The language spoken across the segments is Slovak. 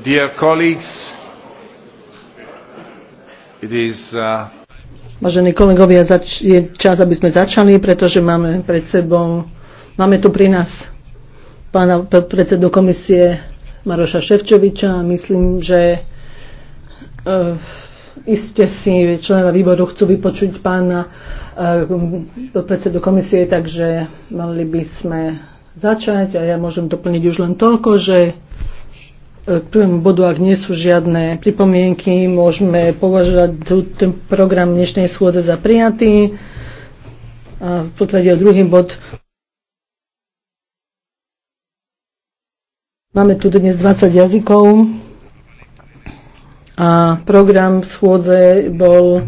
Uh, Vážení kolegovia, zač- je čas, aby sme začali, pretože máme pred sebou, máme tu pri nás pána predsedu komisie Maroša Ševčoviča. Myslím, že uh, iste si členovia výboru chcú vypočuť pána eh, predsedu komisie, takže mali by sme začať a ja môžem doplniť už len toľko, že E, bodu, ak nie sú žiadne pripomienky, môžeme považovať ten program dnešnej schôdze za prijatý. A pokiaľ je druhý bod, máme tu dnes 20 jazykov a program schôdze bol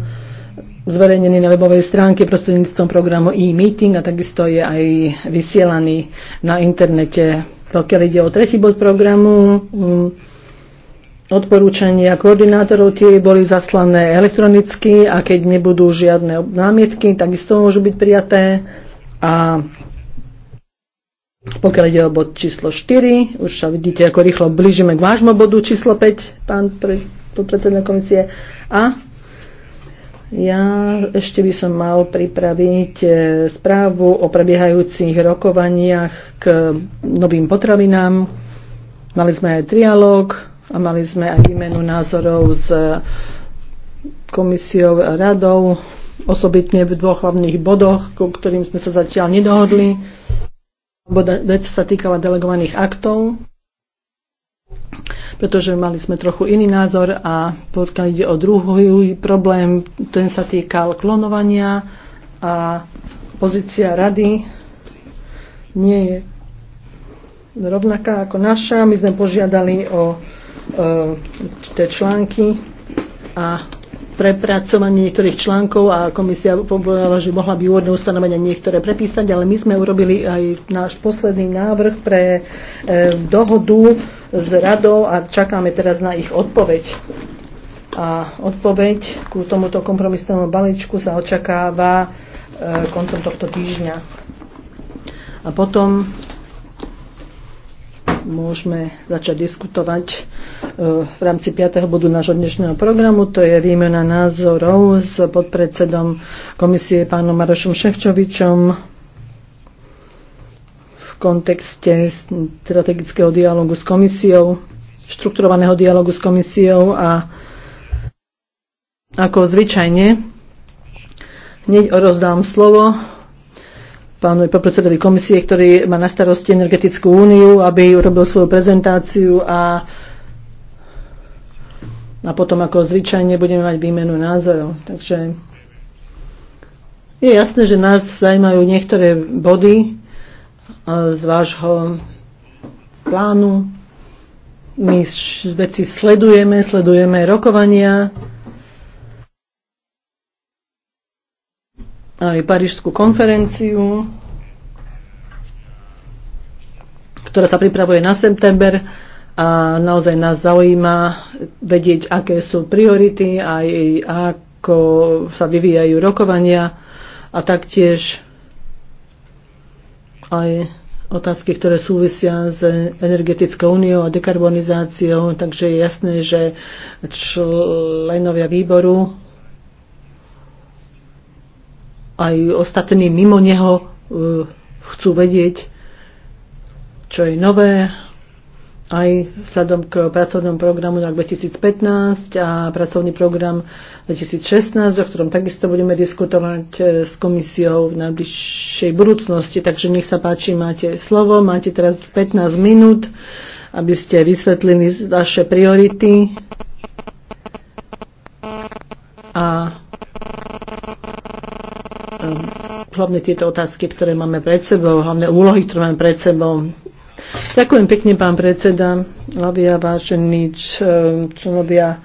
zverejnený na webovej stránke prostredníctvom programu e-meeting a takisto je aj vysielaný na internete pokiaľ ide o tretí bod programu, mm, odporúčania koordinátorov tie boli zaslané elektronicky a keď nebudú žiadne námietky, takisto môžu byť prijaté. A pokiaľ ide o bod číslo 4, už sa vidíte, ako rýchlo blížime k vášmu bodu číslo 5, pán pre, podpredseda komisie. A ja ešte by som mal pripraviť e, správu o prebiehajúcich rokovaniach k novým potravinám. Mali sme aj trialóg a mali sme aj výmenu názorov s komisiou a radou, osobitne v dvoch hlavných bodoch, ku ktorým sme sa zatiaľ nedohodli. Vec sa týkala delegovaných aktov pretože mali sme trochu iný názor a pokiaľ ide o druhý problém, ten sa týkal klonovania a pozícia rady nie je rovnaká ako naša. My sme požiadali o e, články a prepracovanie niektorých článkov a komisia povedala, že mohla by úvodné ustanovenia niektoré prepísať, ale my sme urobili aj náš posledný návrh pre e, dohodu s radou a čakáme teraz na ich odpoveď. A odpoveď ku tomuto kompromisnému balíčku sa očakáva e, koncom tohto týždňa. A potom môžeme začať diskutovať e, v rámci 5. bodu nášho dnešného programu. To je výmena názorov s podpredsedom komisie pánom Marošom Ševčovičom v kontekste strategického dialogu s komisiou, štrukturovaného dialogu s komisiou a ako zvyčajne hneď rozdám slovo pánovi podpredsedovi komisie, ktorý má na starosti energetickú úniu, aby urobil svoju prezentáciu a, a potom ako zvyčajne budeme mať výmenu názorov. Takže je jasné, že nás zaujímajú niektoré body e, z vášho plánu. My veci sledujeme, sledujeme rokovania aj Parížskú konferenciu, ktorá sa pripravuje na september a naozaj nás zaujíma vedieť, aké sú priority, a ako sa vyvíjajú rokovania a taktiež aj otázky, ktoré súvisia s energetickou úniou a dekarbonizáciou. Takže je jasné, že členovia výboru aj ostatní mimo neho e, chcú vedieť, čo je nové, aj vzhľadom k pracovnom programu na 2015 a pracovný program 2016, o ktorom takisto budeme diskutovať e, s komisiou v najbližšej budúcnosti. Takže nech sa páči, máte slovo, máte teraz 15 minút, aby ste vysvetlili vaše priority a hlavne tieto otázky, ktoré máme pred sebou, hlavne úlohy, ktoré máme pred sebou. Ďakujem pekne, pán predseda, hlavia vážení členovia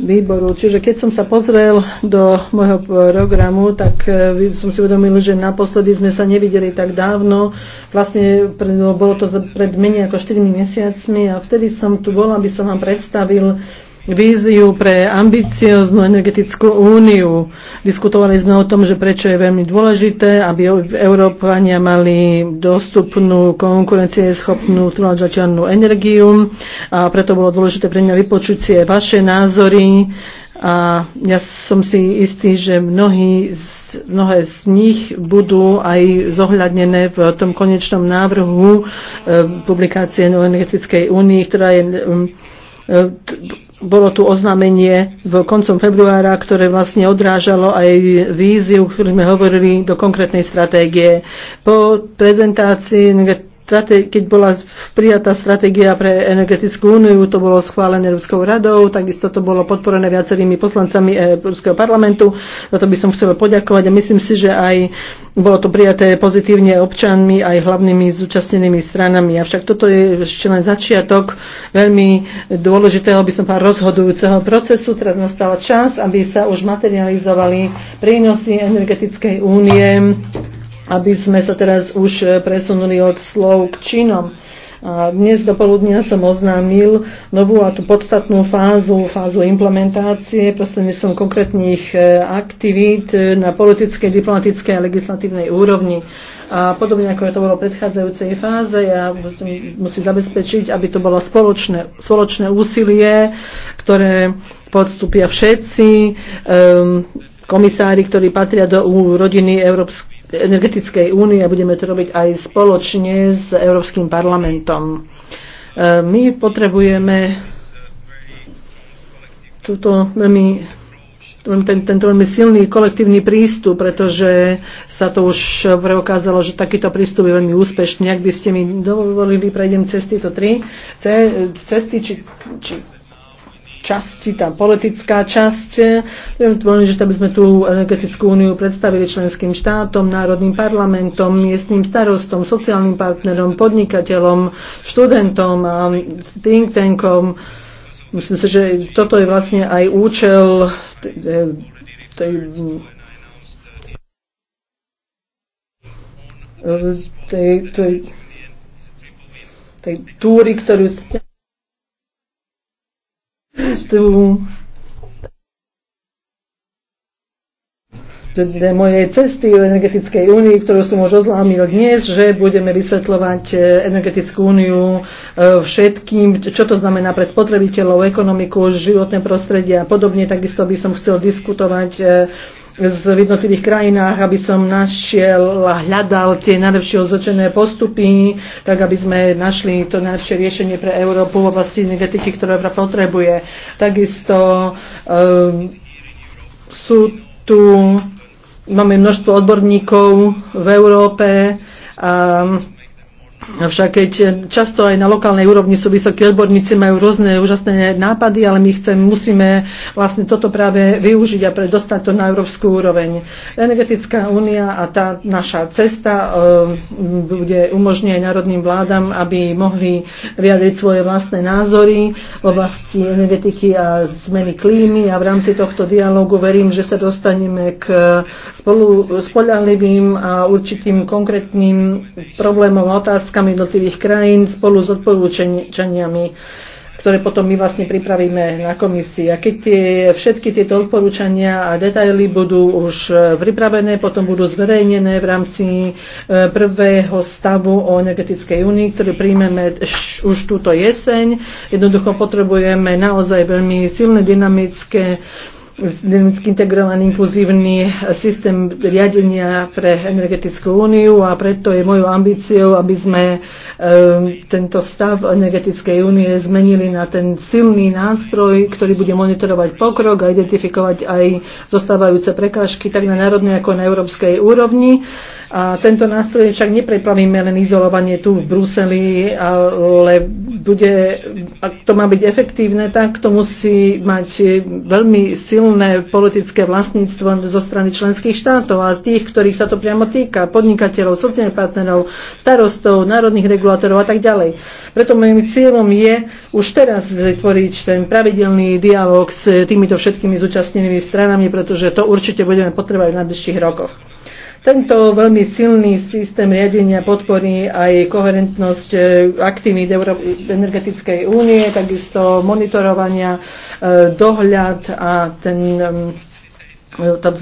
výboru. Čiže keď som sa pozrel do môjho programu, tak e, som si uvedomil, že naposledy sme sa nevideli tak dávno. Vlastne bolo to pred menej ako 4 mesiacmi a vtedy som tu bola, aby som vám predstavil víziu pre ambicioznú energetickú úniu. Diskutovali sme o tom, že prečo je veľmi dôležité, aby Európania mali dostupnú konkurencieschopnú trvalžateľnú energiu a preto bolo dôležité pre mňa vypočuť si vaše názory a ja som si istý, že mnohí z, mnohé z nich budú aj zohľadnené v tom konečnom návrhu e, publikácie o energetickej únii, ktorá je e, bolo tu oznámenie v koncom februára, ktoré vlastne odrážalo aj víziu, ktorú sme hovorili do konkrétnej stratégie. Po prezentácii keď bola prijatá stratégia pre energetickú úniu, to bolo schválené Európskou radou, takisto to bolo podporené viacerými poslancami eh, Ruského parlamentu. Za to by som chcela poďakovať a myslím si, že aj bolo to prijaté pozitívne občanmi aj hlavnými zúčastnenými stranami. Avšak toto je ešte len začiatok veľmi dôležitého, by som povedal, rozhodujúceho procesu. Teraz nastala čas, aby sa už materializovali prínosy energetickej únie aby sme sa teraz už e, presunuli od slov k činom. A dnes do poludnia som oznámil novú a tú podstatnú fázu, fázu implementácie prostredníctvom konkrétnych e, aktivít e, na politickej, diplomatickej a legislatívnej úrovni. A podobne ako je to bolo v predchádzajúcej fáze, ja musím zabezpečiť, aby to bolo spoločné, spoločné úsilie, ktoré podstúpia všetci. Um, komisári, ktorí patria do rodiny Európskej energetickej únie a budeme to robiť aj spoločne s Európskym parlamentom. E, my potrebujeme túto veľmi ten, tento veľmi silný kolektívny prístup, pretože sa to už preukázalo, že takýto prístup je veľmi úspešný. Ak by ste mi dovolili, prejdem cez tieto tri cesty, či, či časti, tá politická časť. Dôležité, že by sme tú energetickú úniu predstavili členským štátom, národným parlamentom, miestným starostom, sociálnym partnerom, podnikateľom, študentom a think tankom. Myslím si, že toto je vlastne aj účel tej tej, tej, tej túry, ktorú ste tú mojej cesty o energetickej únii, ktorú som už oznámil dnes, že budeme vysvetľovať e, energetickú úniu e, všetkým, čo to znamená pre spotrebiteľov, ekonomiku, životné prostredie a podobne. Takisto by som chcel diskutovať e, v jednotlivých krajinách, aby som našiel a hľadal tie najlepšie ozvečené postupy, tak aby sme našli to najlepšie riešenie pre Európu v oblasti energetiky, ktoré Európa potrebuje. Takisto um, sú tu, máme množstvo odborníkov v Európe a um, ehm, Avšak no keď eh, často aj na lokálnej úrovni sú vysokí odborníci, majú rôzne úžasné nápady, ale my chcem, musíme vlastne toto práve využiť a dostať to na európsku úroveň. Energetická únia a tá naša cesta e, bude umožniť aj národným vládam, aby mohli vyjadriť svoje vlastné názory v oblasti energetiky a zmeny klímy a v rámci tohto dialógu verím, že sa dostaneme k spolu, spolahlivým a určitým konkrétnym problémom a otázkam, otázkami jednotlivých krajín spolu s odporúčaniami ktoré potom my vlastne pripravíme na komisii. A keď tie, všetky tieto odporúčania a detaily budú už e, pripravené, potom budú zverejnené v rámci e, prvého stavu o energetickej únii, ktorý príjmeme už túto jeseň. Jednoducho potrebujeme naozaj veľmi silné dynamické dynamicky integrovaný inkluzívny systém riadenia pre energetickú úniu a preto je mojou ambíciou, aby sme e, tento stav energetickej únie zmenili na ten silný nástroj, ktorý bude monitorovať pokrok a identifikovať aj zostávajúce prekážky tak na národnej ako na európskej úrovni. A tento nástroj však nepreplavíme len izolovanie tu v Bruseli, ale bude, ak to má byť efektívne, tak to musí mať veľmi silné politické vlastníctvo zo strany členských štátov a tých, ktorých sa to priamo týka, podnikateľov, sociálnych partnerov, starostov, národných regulátorov a tak ďalej. Preto môjim cieľom je už teraz vytvoriť ten pravidelný dialog s týmito všetkými zúčastnenými stranami, pretože to určite budeme potrebovať v najbližších rokoch. Tento veľmi silný systém riadenia podporí aj koherentnosť e, aktivít energetickej únie, takisto monitorovania, e, dohľad a ten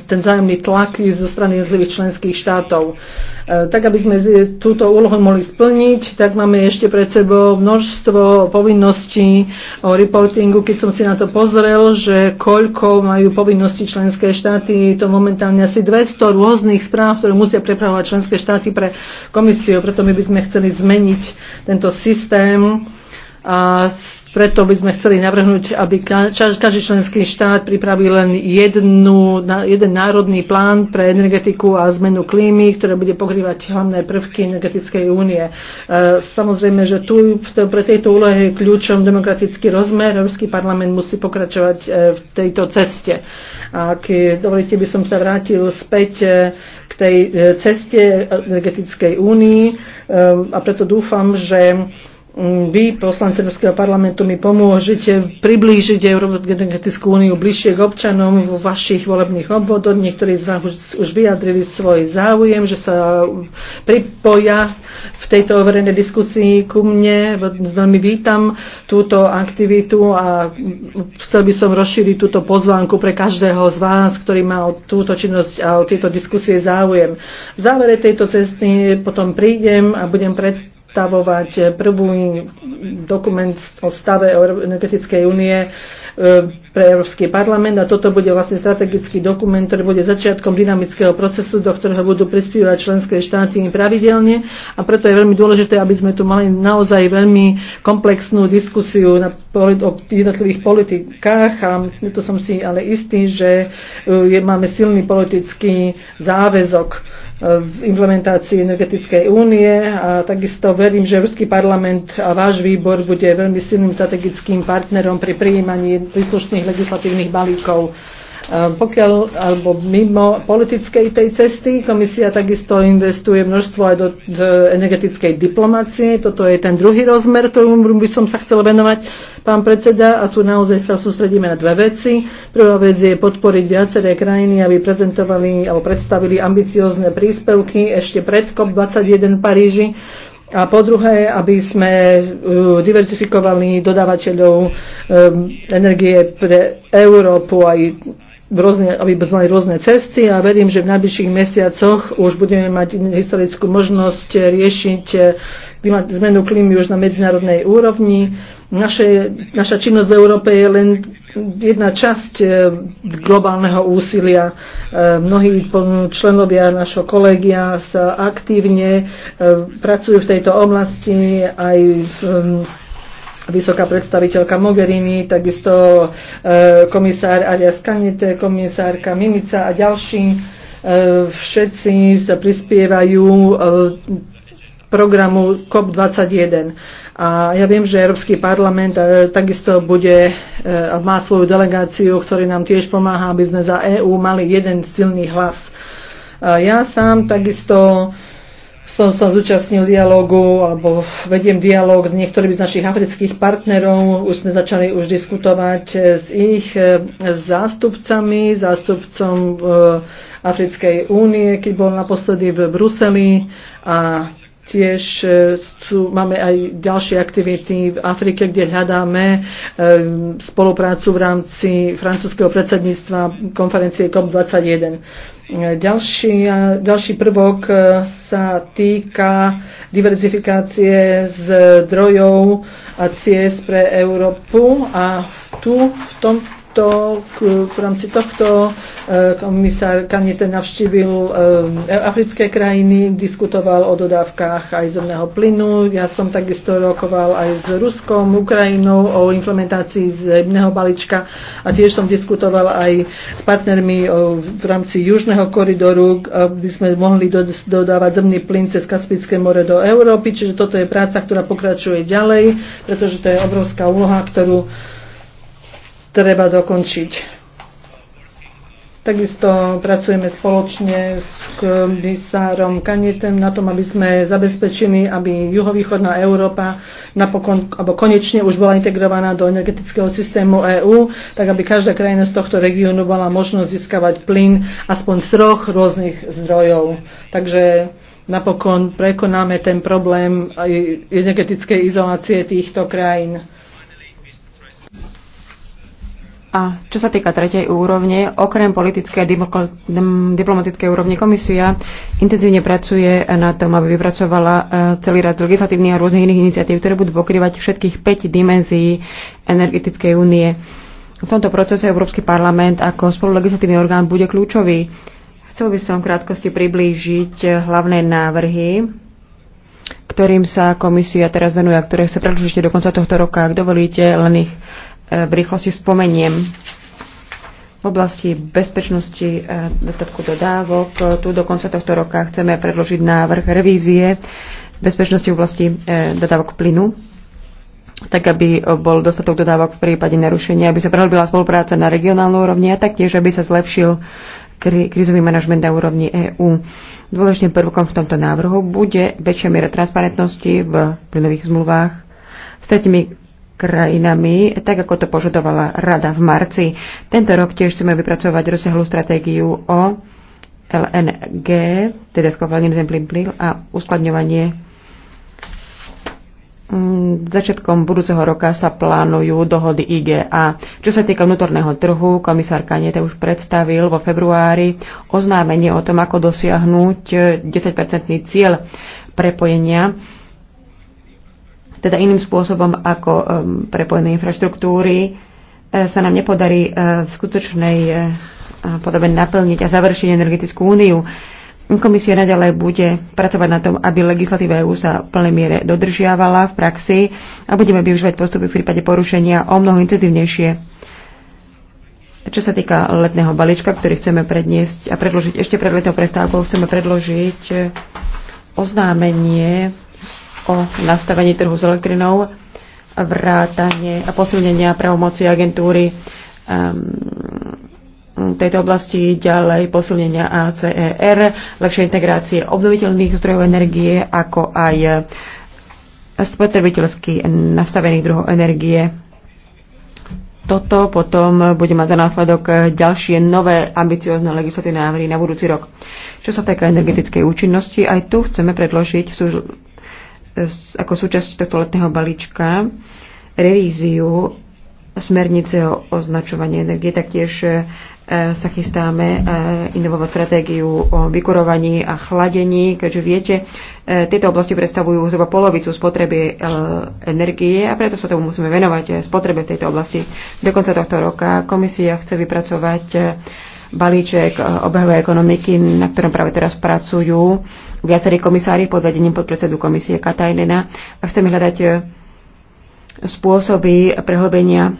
ten vzájomný tlak zo strany jednotlivých členských štátov. E, tak, aby sme túto úlohu mohli splniť, tak máme ešte pred sebou množstvo povinností o reportingu. Keď som si na to pozrel, že koľko majú povinnosti členské štáty, to momentálne asi 200 rôznych správ, ktoré musia prepravovať členské štáty pre komisiu. Preto my by sme chceli zmeniť tento systém a preto by sme chceli navrhnúť, aby každý členský štát pripravil len jednu, jeden národný plán pre energetiku a zmenu klímy, ktoré bude pokrývať hlavné prvky energetickej únie. E, samozrejme, že tu pre tejto úlohe je kľúčom demokratický rozmer. Európsky parlament musí pokračovať e, v tejto ceste. Ak dovolíte, by som sa vrátil späť e, k tej ceste energetickej únii a preto dúfam, že Mm, vy, poslanci Európskeho parlamentu, mi pomôžete priblížiť Európsku energetickú úniu bližšie k občanom vo vašich volebných obvodoch. Niektorí z vás už, už vyjadrili svoj záujem, že sa pripoja v tejto overenej diskusii ku mne. Veľmi vítam túto aktivitu a chcel by som rozšíriť túto pozvánku pre každého z vás, ktorý má o túto činnosť a o tieto diskusie záujem. V závere tejto cesty potom prídem a budem predstaviť predstavovať prvú dokument o stave energetickej únie e, pre Európsky parlament a toto bude vlastne strategický dokument, ktorý bude začiatkom dynamického procesu, do ktorého budú prispievať členské štáty pravidelne a preto je veľmi dôležité, aby sme tu mali naozaj veľmi komplexnú diskusiu na, o jednotlivých politikách a to som si ale istý, že e, je, máme silný politický záväzok v implementácii energetickej únie a takisto verím, že Ruský parlament a váš výbor bude veľmi silným strategickým partnerom pri prijímaní príslušných legislatívnych balíkov. Ehm, pokiaľ alebo mimo politickej tej cesty. Komisia takisto investuje množstvo aj do energetickej diplomácie. Toto je ten druhý rozmer, ktorým by som sa chcel venovať, pán predseda. A tu naozaj sa sústredíme na dve veci. Prvá vec je podporiť viaceré krajiny, aby prezentovali alebo predstavili ambiciozne príspevky ešte pred COP21 v Paríži. A po druhé, aby sme e, diverzifikovali dodávateľov e, energie pre Európu aj rôzne, aby znali rôzne cesty a verím, že v najbližších mesiacoch už budeme mať historickú možnosť riešiť eh, zmenu klímy už na medzinárodnej úrovni. Naše, naša činnosť v Európe je len jedna časť eh, globálneho úsilia. Eh, mnohí členovia našho kolegia sa aktívne pracujú v tejto oblasti aj v vysoká predstaviteľka Mogherini, takisto e, komisár Arias Kanete, komisárka Mimica a ďalší. E, všetci sa prispievajú e, programu COP21. A ja viem, že Európsky parlament takisto bude, má svoju delegáciu, ktorý nám tiež pomáha, aby sme za EÚ mali jeden silný hlas. Ja sám takisto som sa zúčastnil dialogu alebo vediem dialog s niektorými z našich afrických partnerov. Už sme začali už diskutovať e, s ich e, zástupcami, zástupcom e, Africkej únie, keď bol naposledy v Bruseli a Tiež e, sú, máme aj ďalšie aktivity v Afrike, kde hľadáme e, spoluprácu v rámci francúzského predsedníctva konferencie COP21. E, ďalší, ďalší prvok sa týka diverzifikácie zdrojov a ciest pre Európu a tu v tom tohto, v rámci tohto e, komisár Kanete navštívil e, africké krajiny, diskutoval o dodávkach aj zemného plynu. Ja som takisto rokoval aj s Ruskom, Ukrajinou o implementácii zemného balíčka a tiež som diskutoval aj s partnermi e, v rámci južného koridoru, aby sme mohli dodávať zemný plyn cez Kaspické more do Európy. Čiže toto je práca, ktorá pokračuje ďalej, pretože to je obrovská úloha, ktorú treba dokončiť. Takisto pracujeme spoločne s komisárom Kanietem na tom, aby sme zabezpečili, aby juhovýchodná Európa napokon, alebo konečne už bola integrovaná do energetického systému EÚ, tak aby každá krajina z tohto regiónu bola možnosť získavať plyn aspoň z troch rôznych zdrojov. Takže napokon prekonáme ten problém energetickej izolácie týchto krajín a čo sa týka tretej úrovne, okrem politickej a diplomatickej úrovne komisia intenzívne pracuje na tom, aby vypracovala e, celý rad legislatívnych a rôznych iných iniciatív, ktoré budú pokrývať všetkých 5 dimenzií energetickej únie. V tomto procese Európsky parlament ako spolulegislatívny orgán bude kľúčový. Chcel by som v krátkosti priblížiť e, hlavné návrhy, ktorým sa komisia teraz venuje a ktoré sa predlžíte do konca tohto roka. Ak dovolíte, len ich E, v rýchlosti spomeniem. V oblasti bezpečnosti e, dostatku dodávok, e, tu do konca tohto roka chceme predložiť návrh revízie bezpečnosti v oblasti dodávok plynu, tak aby bol dostatok dodávok v prípade narušenia, aby sa prehlbila spolupráca na regionálnu úrovni a taktiež, aby sa zlepšil krizový manažment na úrovni EÚ. Dôležitým prvkom v tomto návrhu bude väčšia miera transparentnosti v plynových zmluvách s tretími krajinami, tak ako to požadovala Rada v marci. Tento rok tiež chceme vypracovať rozsiahlu stratégiu o LNG, teda skovalným zemplým plyn a uskladňovanie mm, začiatkom budúceho roka sa plánujú dohody IGA. Čo sa týka vnútorného trhu, komisár Kaneta už predstavil vo februári oznámenie o tom, ako dosiahnuť 10-percentný eh, cieľ prepojenia teda iným spôsobom ako um, prepojené infraštruktúry, e, sa nám nepodarí e, v skutočnej e, podobe naplniť a završiť energetickú úniu. Komisia naďalej bude pracovať na tom, aby legislatíva EU sa v plnej miere dodržiavala v praxi a budeme využívať postupy v prípade porušenia o mnoho incidívnejšie. Čo sa týka letného balíčka, ktorý chceme predniesť a predložiť ešte pred letnou prestávkou, chceme predložiť oznámenie o nastavení trhu s elektrinou, vrátanie a posilnenia pravomoci agentúry um, tejto oblasti, ďalej posilnenia ACER, lepšie integrácie obnoviteľných zdrojov energie, ako aj spotrebiteľsky nastavených druhov energie. Toto potom bude mať za následok ďalšie nové ambiciozne legislatívne návrhy na budúci rok. Čo sa týka energetickej účinnosti, aj tu chceme predložiť ako súčasť tohto letného balíčka revíziu smernice o označovaní energie. Taktiež e, sa chystáme e, inovovať stratégiu o vykurovaní a chladení, keďže viete, e, tieto oblasti predstavujú zhruba polovicu spotreby energie a preto sa tomu musíme venovať spotrebe v tejto oblasti. Do konca tohto roka komisia chce vypracovať balíček eh, obehovej ekonomiky, na ktorom práve teraz pracujú viacerí komisári pod vedením podpredsedu komisie Katajnena a chceme hľadať eh, spôsoby prehlbenia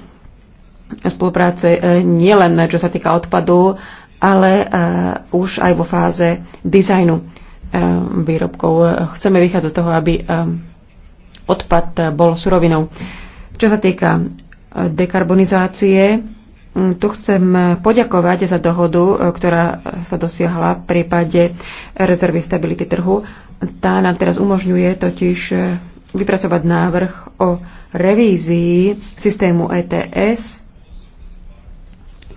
spolupráce eh, nielen čo sa týka odpadu, ale už aj vo fáze dizajnu výrobkov. Chceme vychádzať z toho, aby odpad bol surovinou. Čo sa týka dekarbonizácie, Mm, tu chcem poďakovať za dohodu, e, ktorá sa dosiahla v prípade rezervy stability trhu. Tá nám teraz umožňuje totiž e, vypracovať návrh o revízii systému ETS,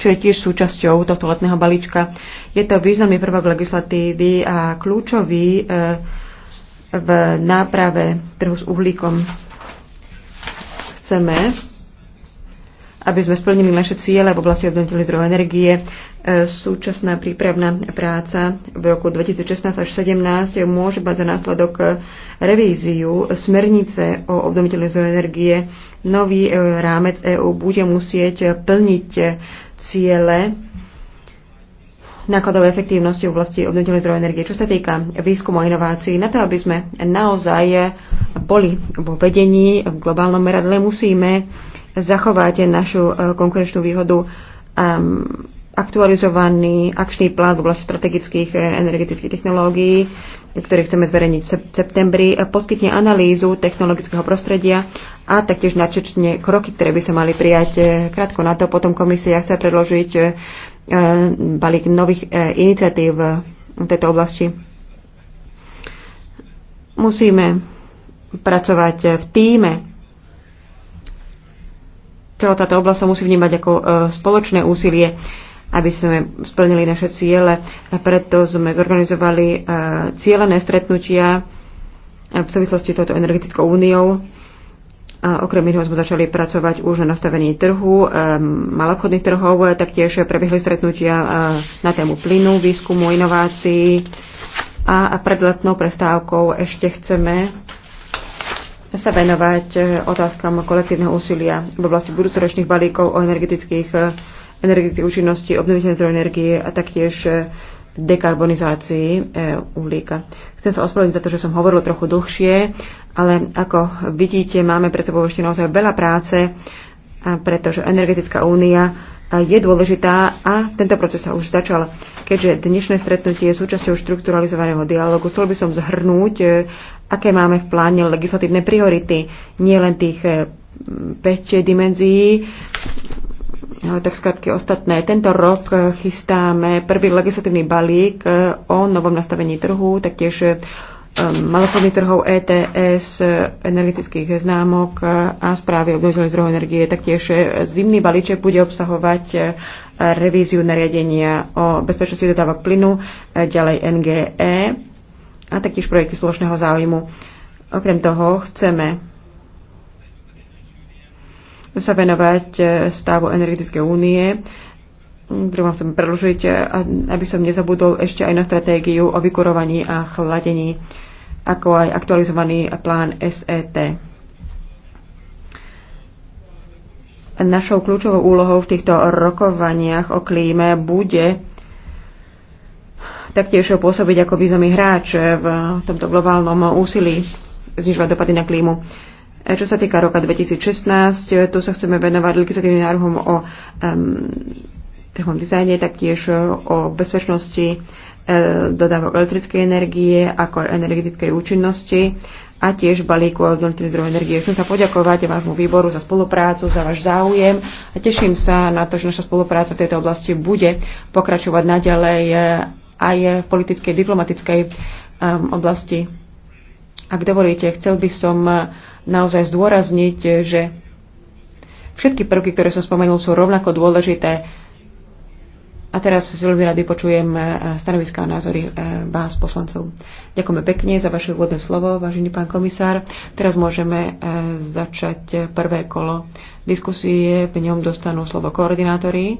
čo je tiež súčasťou tohto letného balíčka. Je to významný prvok legislatívy a kľúčový e, v náprave trhu s uhlíkom. Chceme aby sme splnili naše ciele v oblasti obnoviteľných zdrojov energie. E, súčasná prípravná práca v roku 2016 až 2017 môže mať za následok revíziu smernice o obnoviteľných zdrojov energie. Nový e, rámec EÚ bude musieť plniť ciele nákladovej efektívnosti v oblasti obnoviteľných zdrojov energie. Čo sa týka výskumu a inovácií, na to, aby sme naozaj boli vo vedení v globálnom meradle, musíme zachovať našu e, konkurenčnú výhodu e, aktualizovaný akčný plán v oblasti strategických e, energetických technológií, ktorý chceme zverejniť v septembri, poskytne analýzu technologického prostredia a taktiež načečne kroky, ktoré by sa mali prijať. Krátko na to potom komisia chce predložiť balík nových iniciatív v tejto oblasti. Musíme pracovať v týme celá táto oblasť sa musí vnímať ako e, spoločné úsilie aby sme splnili naše ciele. A preto sme zorganizovali e, cieľené stretnutia e, v súvislosti s touto energetickou úniou. A okrem iného sme začali pracovať už na nastavení trhu, malobchodných trhov, taktiež prebiehli stretnutia na tému plynu, výskumu, inovácií a pred letnou prestávkou ešte chceme sa venovať e, otázkam kolektívneho úsilia v oblasti budúcoročných balíkov o energetických e, energetických účinnosti, obnoviteľnej zdroje energie a taktiež e, dekarbonizácii uhlíka. Chcem sa ospravedlniť za to, že som hovoril trochu dlhšie, ale ako vidíte, máme pred sebou ešte naozaj veľa práce, pretože energetická únia je dôležitá a tento proces sa už začal. Keďže dnešné stretnutie je súčasťou štrukturalizovaného dialogu, chcel by som zhrnúť, e, aké máme v pláne legislatívne priority, nie len tých 5 e, dimenzií, ale tak skratky ostatné. Tento rok e, chystáme prvý legislatívny balík o novom nastavení trhu, taktiež Ehm, malobchodných trhov ETS, energetických známok a správy obnoviteľných zdrojov energie. Taktiež e, zimný balíček bude obsahovať e, revíziu nariadenia o bezpečnosti dodávok plynu, e, ďalej NGE a taktiež projekty spoločného záujmu. Okrem toho chceme sa venovať stavu Energetické únie, ktorú vám chcem predlžiť, aby som nezabudol ešte aj na stratégiu o vykurovaní a chladení, ako aj aktualizovaný plán SET. Našou kľúčovou úlohou v týchto rokovaniach o klíme bude taktiež pôsobiť ako významný hráč v tomto globálnom úsilí znižovať dopady na klímu. E, čo sa týka roka 2016, tu sa chceme venovať legislatívnym návrhom o um, technom dizajne, taktiež e, o bezpečnosti e, dodávok elektrickej energie, ako aj energetickej účinnosti a tiež balíku obnoviteľných zdrojov energie. Chcem sa poďakovať vášmu výboru za spoluprácu, za váš záujem a teším sa na to, že naša spolupráca v tejto oblasti bude pokračovať naďalej e, aj v politickej, diplomatickej um, oblasti. Ak dovolíte, chcel by som naozaj zdôrazniť, že všetky prvky, ktoré som spomenul, sú rovnako dôležité a teraz veľmi rady počujem e, stanoviská a názory e, vás, poslancov. Ďakujeme pekne za vaše úvodné slovo, vážený pán komisár. Teraz môžeme e, začať prvé kolo diskusie. V ňom dostanú slovo koordinátori.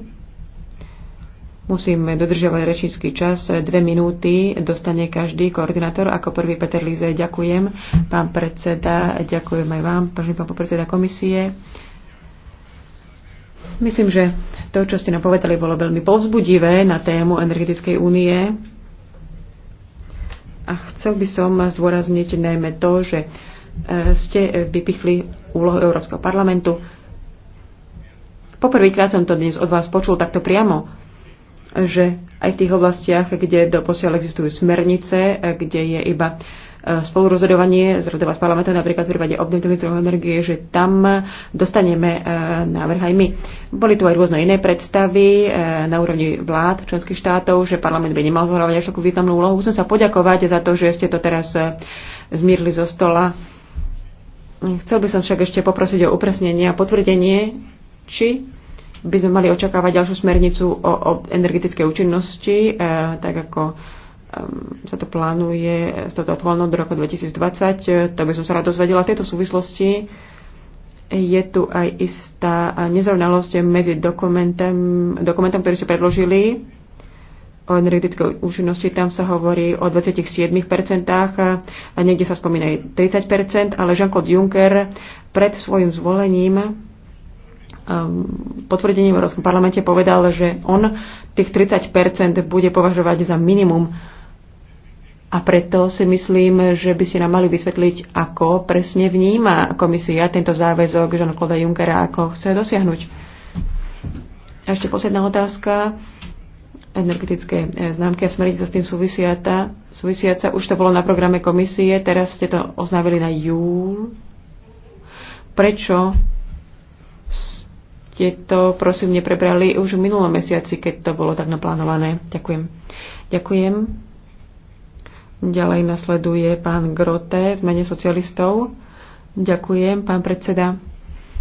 Musíme dodržiavať rečnícky čas. Dve minúty dostane každý koordinátor. Ako prvý Peter Líze, ďakujem. Pán predseda, ďakujem aj vám, pán predseda komisie. Myslím, že to, čo ste nám povedali, bolo veľmi povzbudivé na tému energetickej únie. A chcel by som zdôrazniť najmä to, že e, ste vypichli úlohu Európskeho parlamentu. Poprvýkrát som to dnes od vás počul takto priamo, že aj v tých oblastiach, kde doposiaľ existujú smernice, e, kde je iba Eh, spolurozhodovanie z radova s parlamentom, napríklad v prípade obnoviteľných zdrojov energie, že tam eh, dostaneme eh, návrh aj my. Boli tu aj rôzne iné predstavy na úrovni vlád členských štátov, že parlament by nemal zohrávať až takú významnú úlohu. Chcem sa poďakovať za to, že ste to teraz zmierli zo stola. Chcel by som však ešte poprosiť o upresnenie a potvrdenie, či by sme mali očakávať ďalšiu smernicu o, o energetickej účinnosti, e, tak ako Ehm, sa to plánuje s touto voľnou do roku 2020. To by som sa rád dozvedela. V tejto súvislosti je tu aj istá nezrovnalosť medzi dokumentom, dokumentom ktorý ste predložili o energetickej účinnosti. Tam sa hovorí o 27% a niekde sa spomína aj 30%, ale Jean-Claude Juncker pred svojim zvolením ehm, potvrdením v Európskom parlamente povedal, že on tých 30% bude považovať za minimum a preto si myslím, že by si nám mali vysvetliť, ako presne vníma komisia tento záväzok Jean-Claude Junckera, ako chce dosiahnuť. A ešte posledná otázka. Energetické eh, známky a smernica s tým súvisiaca. súvisiaca. Už to bolo na programe komisie, teraz ste to oznámili na júl. Prečo ste to, prosím, neprebrali už v minulom mesiaci, keď to bolo tak naplánované? Ďakujem. Ďakujem. Ďalej nasleduje pán Grote v mene socialistov. Ďakujem, pán predseda,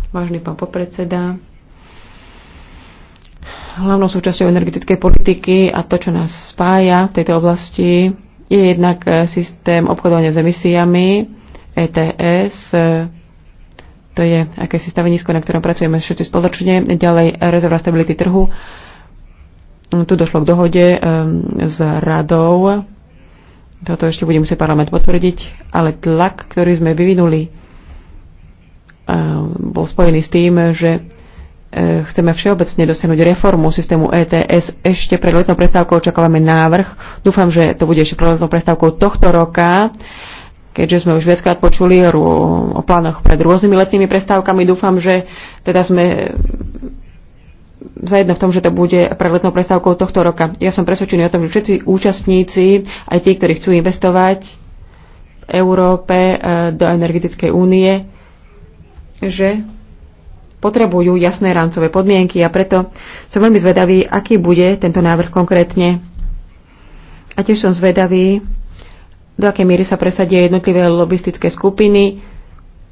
vážny pán popredseda. Hlavnou súčasťou energetickej politiky a to, čo nás spája v tejto oblasti, je jednak eh, systém obchodovania s emisiami, ETS, to je akési stavenisko, na ktorom pracujeme všetci spoločne, ďalej eh, rezerva stability trhu. Tu došlo k dohode eh, s radou toto ešte bude musieť parlament potvrdiť, ale tlak, ktorý sme vyvinuli, eh, bol spojený s tým, že eh, chceme všeobecne dosiahnuť reformu systému ETS. Ešte pred letnou prestávkou očakávame návrh. Dúfam, že to bude ešte pred letnou prestávkou tohto roka. Keďže sme už viackrát počuli o plánoch pred rôznymi letnými prestávkami, dúfam, že teda sme zajedno v tom, že to bude predletnou predstavkou tohto roka. Ja som presvedčený o tom, že všetci účastníci, aj tí, ktorí chcú investovať v Európe e, do energetickej únie, že potrebujú jasné rámcové podmienky a preto som veľmi zvedavý, aký bude tento návrh konkrétne. A tiež som zvedavý, do akej miery sa presadia jednotlivé lobistické skupiny,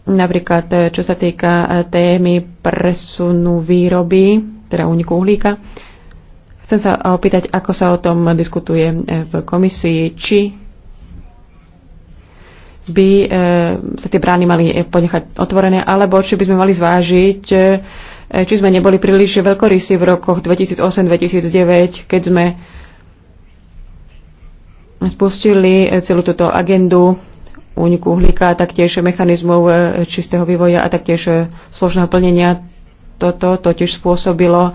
napríklad e, čo sa týka e, témy presunu výroby teda úniku uhlíka. Chcem sa opýtať, ako sa o tom diskutuje e, v komisii, či by e, sa tie brány mali e, ponechať otvorené, alebo či by sme mali zvážiť, či sme neboli príliš veľkorysí v rokoch 2008-2009, keď sme spustili celú túto agendu úniku uhlíka, taktiež mechanizmov čistého vývoja a taktiež spoločného plnenia toto totiž spôsobilo um,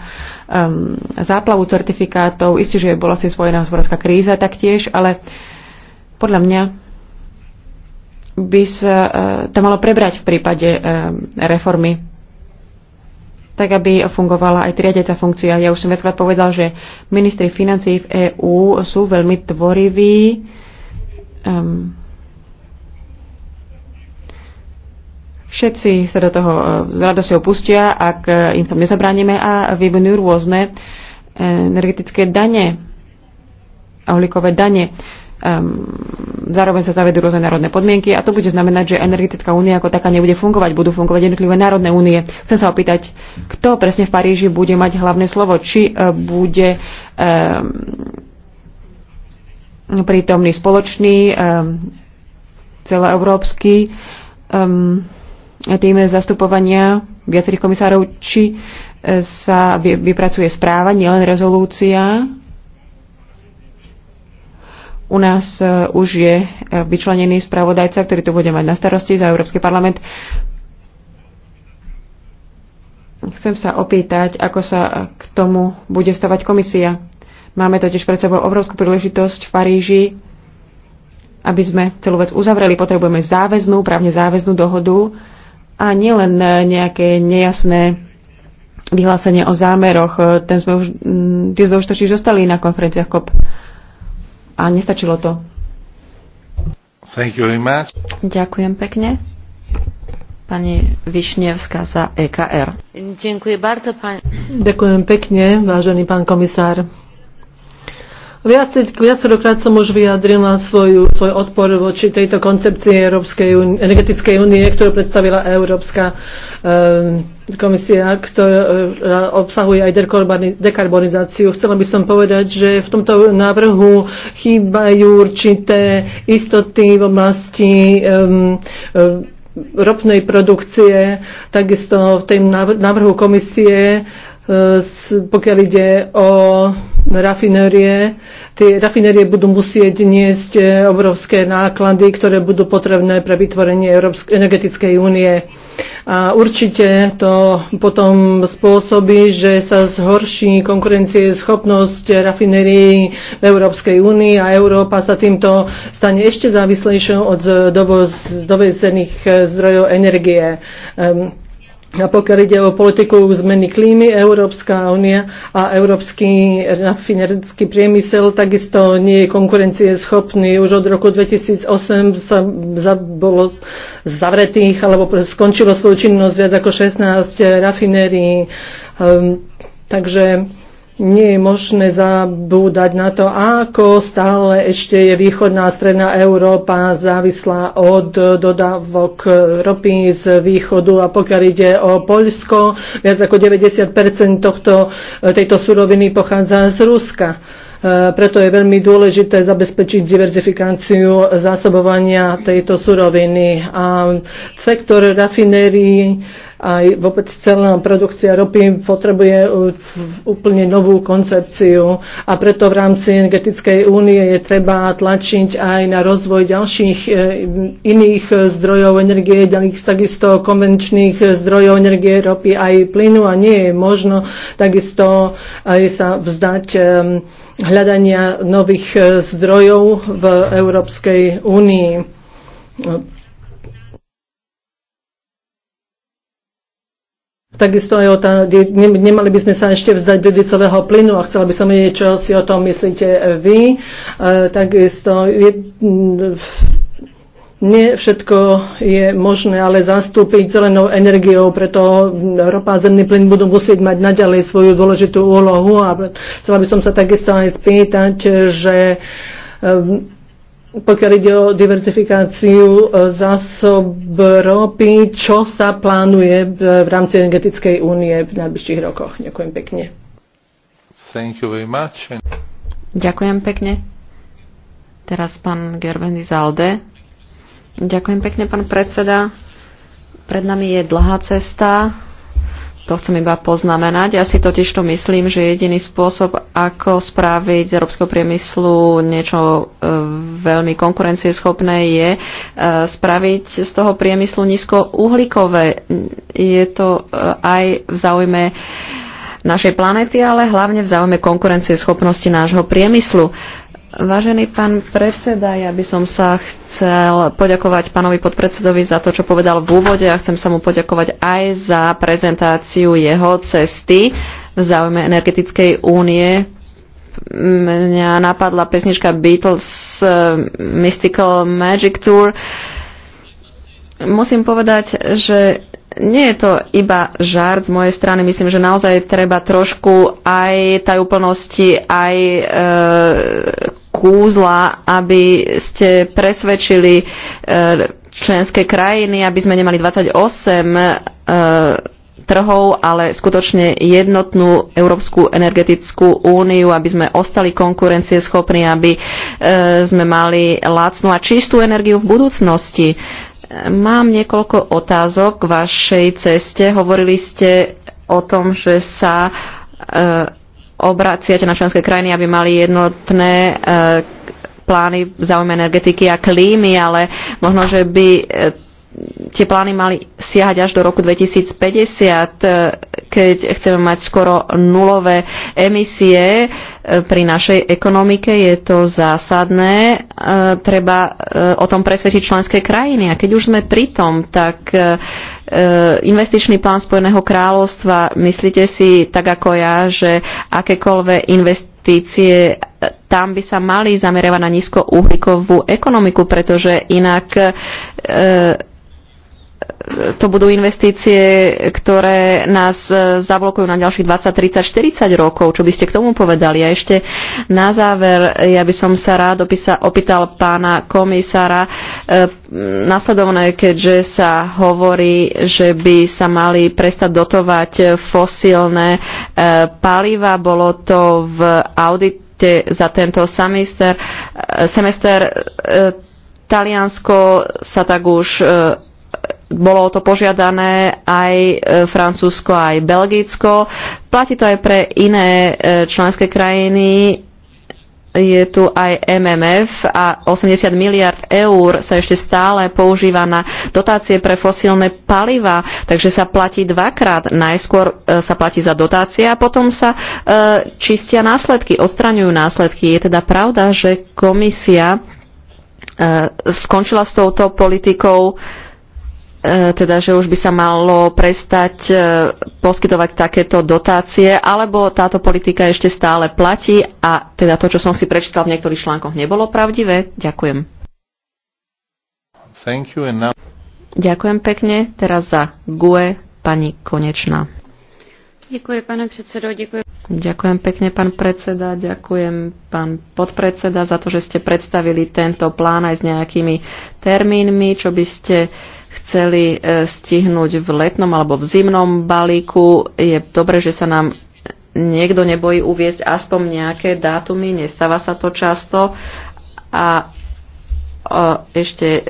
záplavu certifikátov. Isté, že bola si spojená hospodárska kríza taktiež, ale podľa mňa by sa uh, to malo prebrať v prípade um, reformy tak aby fungovala aj triadeca funkcia. Ja už som viackrát povedal, že ministri financí v EÚ sú veľmi tvoriví. Um, Všetci sa do toho e, s radosťou pustia, ak e, im tam nezabránime a vyvinujú rôzne e, energetické dane, uhlíkové dane. Um, zároveň sa zavedú rôzne národné podmienky a to bude znamenať, že energetická únia ako taká nebude fungovať, budú fungovať jednotlivé národné únie. Chcem sa opýtať, kto presne v Paríži bude mať hlavné slovo, či uh, bude um, prítomný spoločný, um, celoeurópsky um, Týme zastupovania viacerých komisárov, či e, sa vypracuje správa, nielen rezolúcia. U nás e, už je e, vyčlenený spravodajca, ktorý tu bude mať na starosti za Európsky parlament. Chcem sa opýtať, ako sa k tomu bude stavať komisia. Máme totiž pred sebou obrovskú príležitosť v Paríži, aby sme celú vec uzavreli. Potrebujeme záväznú, právne záväznú dohodu, a nielen e, nejaké nejasné vyhlásenie o zámeroch. E, ten sme už, tie sme už totiž zostali na konferenciách COP. A nestačilo to. Thank you very much. Ďakujem pekne. Pani Višnevská za EKR. Ďakujem bardzo, pani. Ďakujem pekne, vážený pán komisár. Viacerokrát som už vyjadrila svoju, svoj odpor voči tejto koncepcii Európskej energetickej únie, ktorú predstavila Európska e, komisia, ktorá obsahuje aj dekarbonizáciu. Chcela by som povedať, že v tomto návrhu chýbajú určité istoty v oblasti e, e, ropnej produkcie, takisto v tej návrhu komisie Eh, pokiaľ ide o rafinérie. Tie rafinérie budú musieť niesť eh, obrovské náklady, ktoré budú potrebné pre vytvorenie Európske, energetickej únie. A určite to potom spôsobí, že sa zhorší schopnosť rafinérií v Európskej únii a Európa sa týmto stane ešte závislejšou od dovezených eh, zdrojov energie. Um, a pokiaľ ide o politiku zmeny klímy, Európska únia a európsky rafinerický priemysel takisto nie je konkurencieschopný. Už od roku 2008 sa za, bolo zavretých alebo skončilo svoju činnosť viac ako 16 rafinérií. Um, takže nie je možné zabúdať na to, ako stále ešte je východná a stredná Európa závislá od dodávok ropy z východu a pokiaľ ide o Poľsko, viac ako 90% tohto, tejto suroviny pochádza z Ruska. E, preto je veľmi dôležité zabezpečiť diverzifikáciu zásobovania tejto suroviny. A sektor rafinérií aj vôbec celá produkcia ropy potrebuje uh, úplne novú koncepciu a preto v rámci energetickej únie je treba tlačiť aj na rozvoj ďalších eh, iných eh, zdrojov energie, takisto konvenčných eh, zdrojov energie, ropy aj plynu a nie je možno takisto aj sa vzdať hľadania nových zdrojov v Európskej únii Takisto aj o tá, nemali by sme sa ešte vzdať bridlicového plynu a chcela by som vedieť, čo si o tom myslíte vy. E, takisto je, nie všetko je možné ale zastúpiť zelenou energiou, preto ropa a zemný plyn budú musieť mať naďalej svoju dôležitú úlohu a chcela by som sa takisto aj spýtať, že e, pokiaľ ide o diverzifikáciu e, zásob ropy, čo sa plánuje e, v rámci energetickej únie v najbližších rokoch. Ďakujem pekne. Thank you very much. Ďakujem pekne. Teraz pán Gerbendy Zalde. Ďakujem pekne, pán predseda. Pred nami je dlhá cesta to chcem iba poznamenať. Ja si totiž to myslím, že jediný spôsob, ako spraviť z európskeho priemyslu niečo e, veľmi konkurencieschopné, je e, spraviť z toho priemyslu nízkouhlíkové. Je to e, aj v záujme našej planety, ale hlavne v záujme konkurencieschopnosti nášho priemyslu. Vážený pán predseda, ja by som sa chcel poďakovať pánovi podpredsedovi za to, čo povedal v úvode a chcem sa mu poďakovať aj za prezentáciu jeho cesty v záujme energetickej únie. Mňa napadla pesnička Beatles eh, Mystical Magic Tour. Musím povedať, že nie je to iba žart z mojej strany. Myslím, že naozaj treba trošku aj tajúplnosti, aj e, kúzla, aby ste presvedčili e, členské krajiny, aby sme nemali 28 e, trhov, ale skutočne jednotnú Európsku energetickú úniu, aby sme ostali konkurencieschopní, aby e, sme mali lácnú a čistú energiu v budúcnosti. Mám niekoľko otázok k vašej ceste. Hovorili ste o tom, že sa obraciať na členské krajiny, aby mali jednotné eh, plány v záujme energetiky a klímy, ale možno, že by eh, tie plány mali siahať až do roku 2050, eh, keď chceme mať skoro nulové emisie pri našej ekonomike. Je to zásadné. Treba o tom presvedčiť členské krajiny. A keď už sme pri tom, tak E, investičný plán Spojeného kráľovstva. Myslíte si, tak ako ja, že akékoľvek investície e, tam by sa mali zamerovať na nízkouhlíkovú ekonomiku, pretože inak e, to budú investície, ktoré nás e, zablokujú na ďalších 20, 30, 40 rokov. Čo by ste k tomu povedali? A ešte na záver, ja by som sa rád opisa, opýtal pána komisára e, nasledovné, keďže sa hovorí, že by sa mali prestať dotovať fosílne e, paliva. Bolo to v audite za tento semester. E, semester e, Taliansko sa tak už e, bolo o to požiadané aj e, Francúzsko, aj Belgicko. Platí to aj pre iné e, členské krajiny. Je tu aj MMF a 80 miliard eur sa ešte stále používa na dotácie pre fosílne paliva, takže sa platí dvakrát. Najskôr e, sa platí za dotácie a potom sa čistia následky, odstraňujú následky. Je teda pravda, že komisia skončila s touto politikou E, teda, že už by sa malo prestať e, poskytovať takéto dotácie, alebo táto politika ešte stále platí a teda to, čo som si prečítal v niektorých článkoch, nebolo pravdivé? Ďakujem. Thank you now... Ďakujem pekne. Teraz za GUE pani Konečná. Ďakujem, pane predsedo. Ďakujem. Ďakujem pekne, pán predseda. Ďakujem, pán podpredseda, za to, že ste predstavili tento plán aj s nejakými termínmi, čo by ste uh, chceli e, stihnúť v letnom alebo v zimnom balíku. Je dobre, že sa nám niekto nebojí uviezť aspoň nejaké dátumy, nestáva sa to často a ešte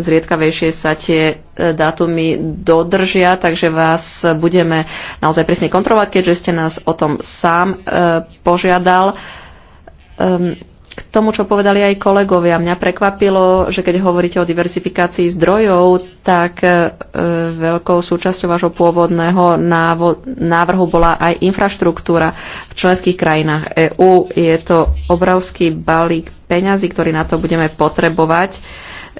zriedkavejšie sa tie e, dátumy dodržia, takže vás budeme naozaj presne kontrolovať, keďže ste nás o tom sám e, požiadal. Ehm, k tomu, čo povedali aj kolegovia, mňa prekvapilo, že keď hovoríte o diversifikácii zdrojov, tak e, veľkou súčasťou vášho pôvodného návrhu bola aj infraštruktúra v členských krajinách EÚ. Je to obrovský balík peňazí, ktorý na to budeme potrebovať.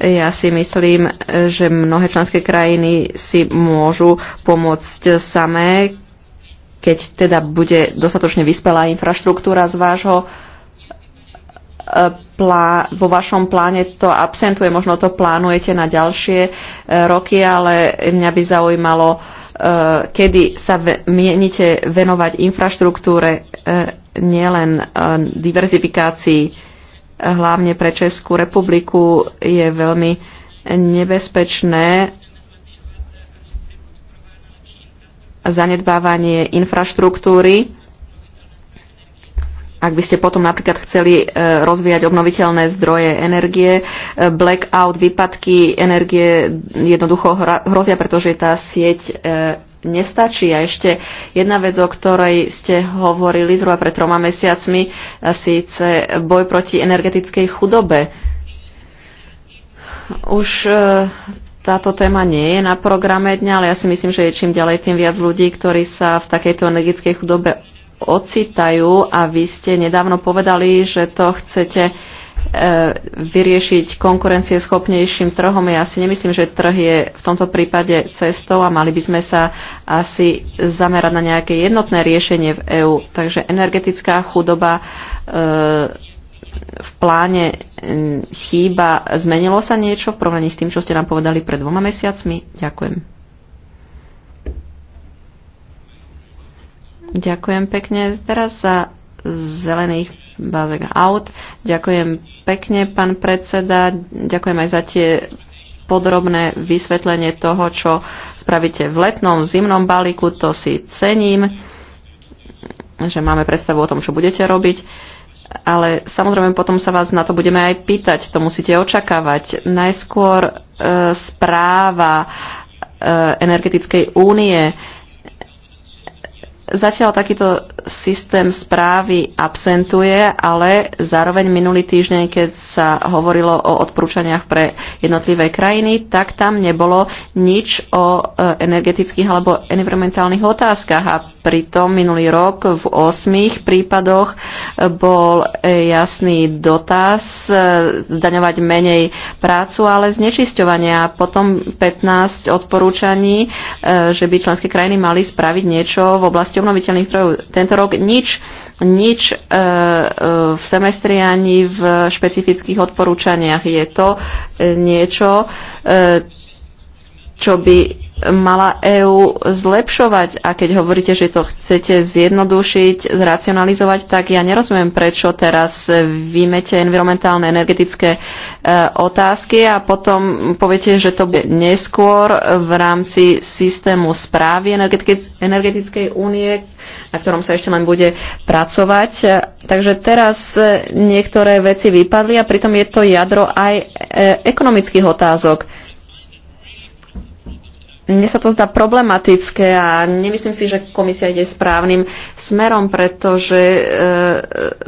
Ja si myslím, že mnohé členské krajiny si môžu pomôcť samé, keď teda bude dostatočne vyspelá infraštruktúra z vášho plá, vo vašom pláne to absentuje, možno to plánujete na ďalšie e, roky, ale mňa by zaujímalo, e, kedy sa mienite venovať infraštruktúre e, nielen diverzifikácii, hlavne pre Českú republiku je veľmi nebezpečné zanedbávanie infraštruktúry ak by ste potom napríklad chceli e, rozvíjať obnoviteľné zdroje energie, e, blackout, výpadky energie jednoducho hrozia, pretože tá sieť e, nestačí. A ešte jedna vec, o ktorej ste hovorili zhruba pred troma mesiacmi, a síce boj proti energetickej chudobe. Už táto téma nie je na programe dňa, ale ja si myslím, že je čím ďalej tým viac ľudí, ktorí sa v takejto energetickej chudobe ocitajú a vy ste nedávno povedali, že to chcete e, vyriešiť konkurencie schopnejším trhom. Ja si nemyslím, že trh je v tomto prípade cestou a mali by sme sa asi zamerať na nejaké jednotné riešenie v EÚ. Takže energetická chudoba e, v pláne chýba. Zmenilo sa niečo v porovnaní s tým, čo ste nám povedali pred dvoma mesiacmi? Ďakujem. Ďakujem pekne. Teraz sa zelených bázek aut. Ďakujem pekne, pán predseda. Ďakujem aj za tie podrobné vysvetlenie toho, čo spravíte v letnom, zimnom balíku. To si cením, že máme predstavu o tom, čo budete robiť. Ale samozrejme potom sa vás na to budeme aj pýtať. To musíte očakávať. Najskôr e, správa e, energetickej únie. E, Zatiaľ takýto systém správy absentuje, ale zároveň minulý týždeň, keď sa hovorilo o odporúčaniach pre jednotlivé krajiny, tak tam nebolo nič o e, energetických alebo environmentálnych otázkach. A pritom minulý rok v osmých prípadoch e, bol e, jasný dotaz zdaňovať menej prácu, ale znečisťovania. Potom 15 odporúčaní, že by členské krajiny mali spraviť niečo v oblasti oblasti obnoviteľných zdrojov tento rok nič, nič e, e, v semestri ani v špecifických odporúčaniach. Je to e, niečo, čo by mala EÚ zlepšovať. A keď hovoríte, že to chcete zjednodušiť, zracionalizovať, tak ja nerozumiem, prečo teraz vymete environmentálne energetické e, otázky a potom poviete, že to bude neskôr v rámci systému správy energetickej, energetickej únie, na ktorom sa ešte len bude pracovať. Takže teraz niektoré veci vypadli a pritom je to jadro aj e, ekonomických otázok mne sa to zdá problematické a nemyslím si, že komisia ide správnym smerom, pretože e,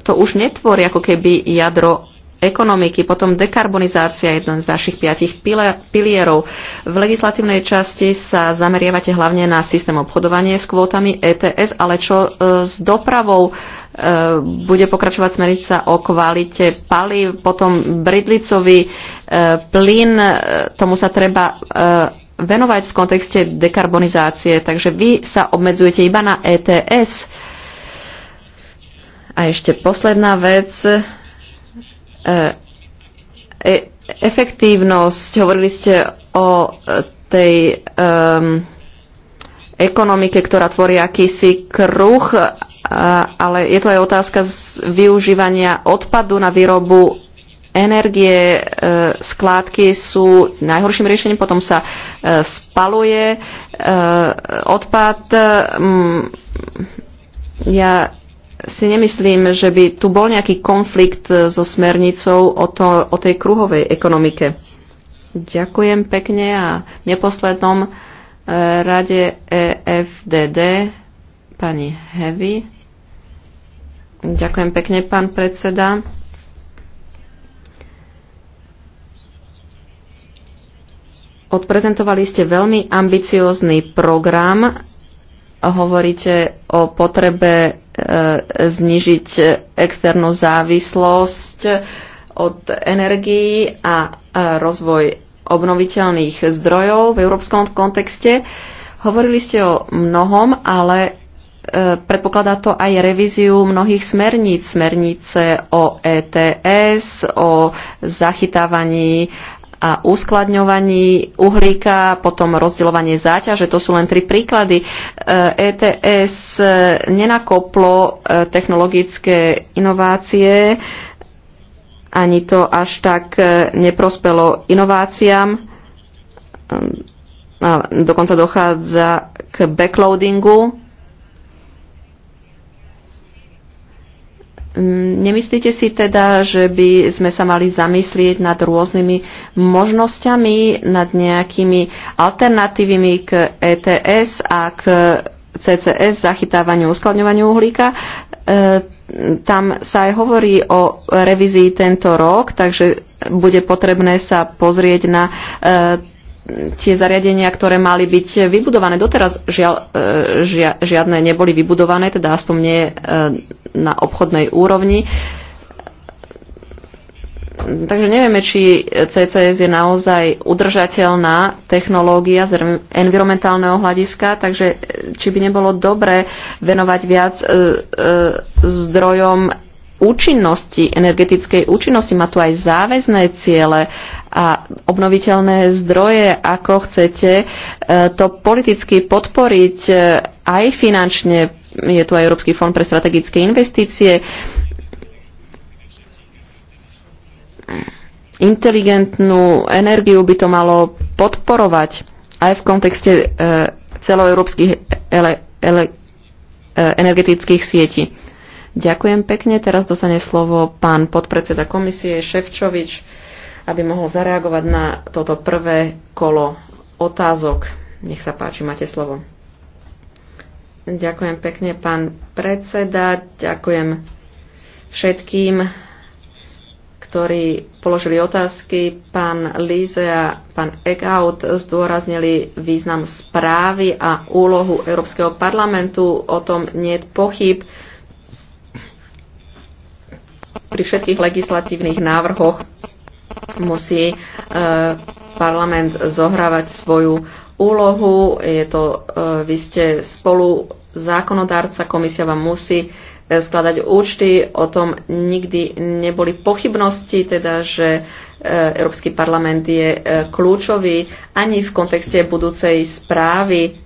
to už netvorí ako keby jadro ekonomiky, potom dekarbonizácia, jeden z vašich piatich pilierov. V legislatívnej časti sa zameriavate hlavne na systém obchodovania s kvótami ETS, ale čo e, s dopravou e, bude pokračovať sa o kvalite palív, potom bridlicový plyn, tomu sa treba venovať v kontexte dekarbonizácie. Takže vy sa obmedzujete iba na ETS. A ešte posledná vec. E, e, efektívnosť. Hovorili ste o e, tej um, ekonomike, ktorá tvorí akýsi kruh, ale je to aj otázka z využívania odpadu na výrobu energie, e, skládky sú najhorším riešením, potom sa e, spaluje e, odpad. Ja si nemyslím, že by tu bol nejaký konflikt so smernicou o, to, o tej kruhovej ekonomike. Ďakujem pekne a v neposlednom rade EFDD pani Hevy. Ďakujem pekne, pán predseda. Odprezentovali ste veľmi ambiciózny program. Hovoríte o potrebe e, znižiť externú závislosť od energií a rozvoj obnoviteľných zdrojov v európskom kontexte. Hovorili ste o mnohom, ale e, predpokladá to aj revíziu mnohých smerníc. Smernice o ETS, o zachytávaní a uskladňovaní uhlíka, potom rozdeľovanie záťaže. To sú len tri príklady. ETS e e, nenakoplo e, technologické inovácie, ani to až tak neprospelo inováciám. Dokonca dochádza k backloadingu Mm, nemyslíte si teda, že by sme sa mali zamyslieť nad rôznymi možnosťami, nad nejakými alternatívami k ETS a k CCS, zachytávaniu, uskladňovaniu uhlíka? E, tam sa aj hovorí o revízii tento rok, takže bude potrebné sa pozrieť na e, tie zariadenia, ktoré mali byť vybudované doteraz, žiaľ, e, žia, žiadne neboli vybudované, teda aspoň nie e, na obchodnej úrovni. Takže nevieme, či CCS je naozaj udržateľná technológia z environmentálneho hľadiska, takže e, či by nebolo dobré venovať viac e, e, zdrojom účinnosti, energetickej účinnosti. Má tu aj záväzné ciele a obnoviteľné zdroje, ako chcete e, to politicky podporiť e, aj finančne. Je tu aj Európsky fond pre strategické investície. Inteligentnú energiu by to malo podporovať aj v kontexte e, celoeurópskych ele, ele, energetických sietí. Ďakujem pekne. Teraz dostane slovo pán podpredseda komisie Ševčovič aby mohol zareagovať na toto prvé kolo otázok. Nech sa páči, máte slovo. Ďakujem pekne, pán predseda. Ďakujem všetkým, ktorí položili otázky. Pán Líze a pán Eckhout zdôraznili význam správy a úlohu Európskeho parlamentu. O tom nie je pochyb. Pri všetkých legislatívnych návrhoch musí e, parlament zohrávať svoju úlohu. Je to, e, vy ste spolu zákonodárca, komisia vám musí e, skladať účty. O tom nikdy neboli pochybnosti, teda, že Európsky parlament je kľúčový ani v kontexte budúcej správy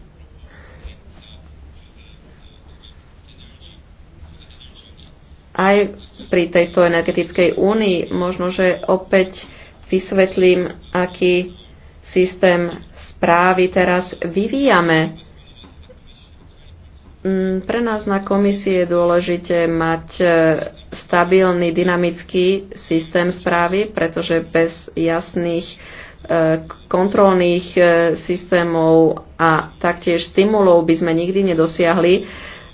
aj pri tejto energetickej únii. Možno, že opäť vysvetlím, aký systém správy teraz vyvíjame. Mm, pre nás na komisii je dôležité mať e, stabilný, dynamický systém správy, pretože bez jasných e, kontrolných e, systémov a taktiež stimulov by sme nikdy nedosiahli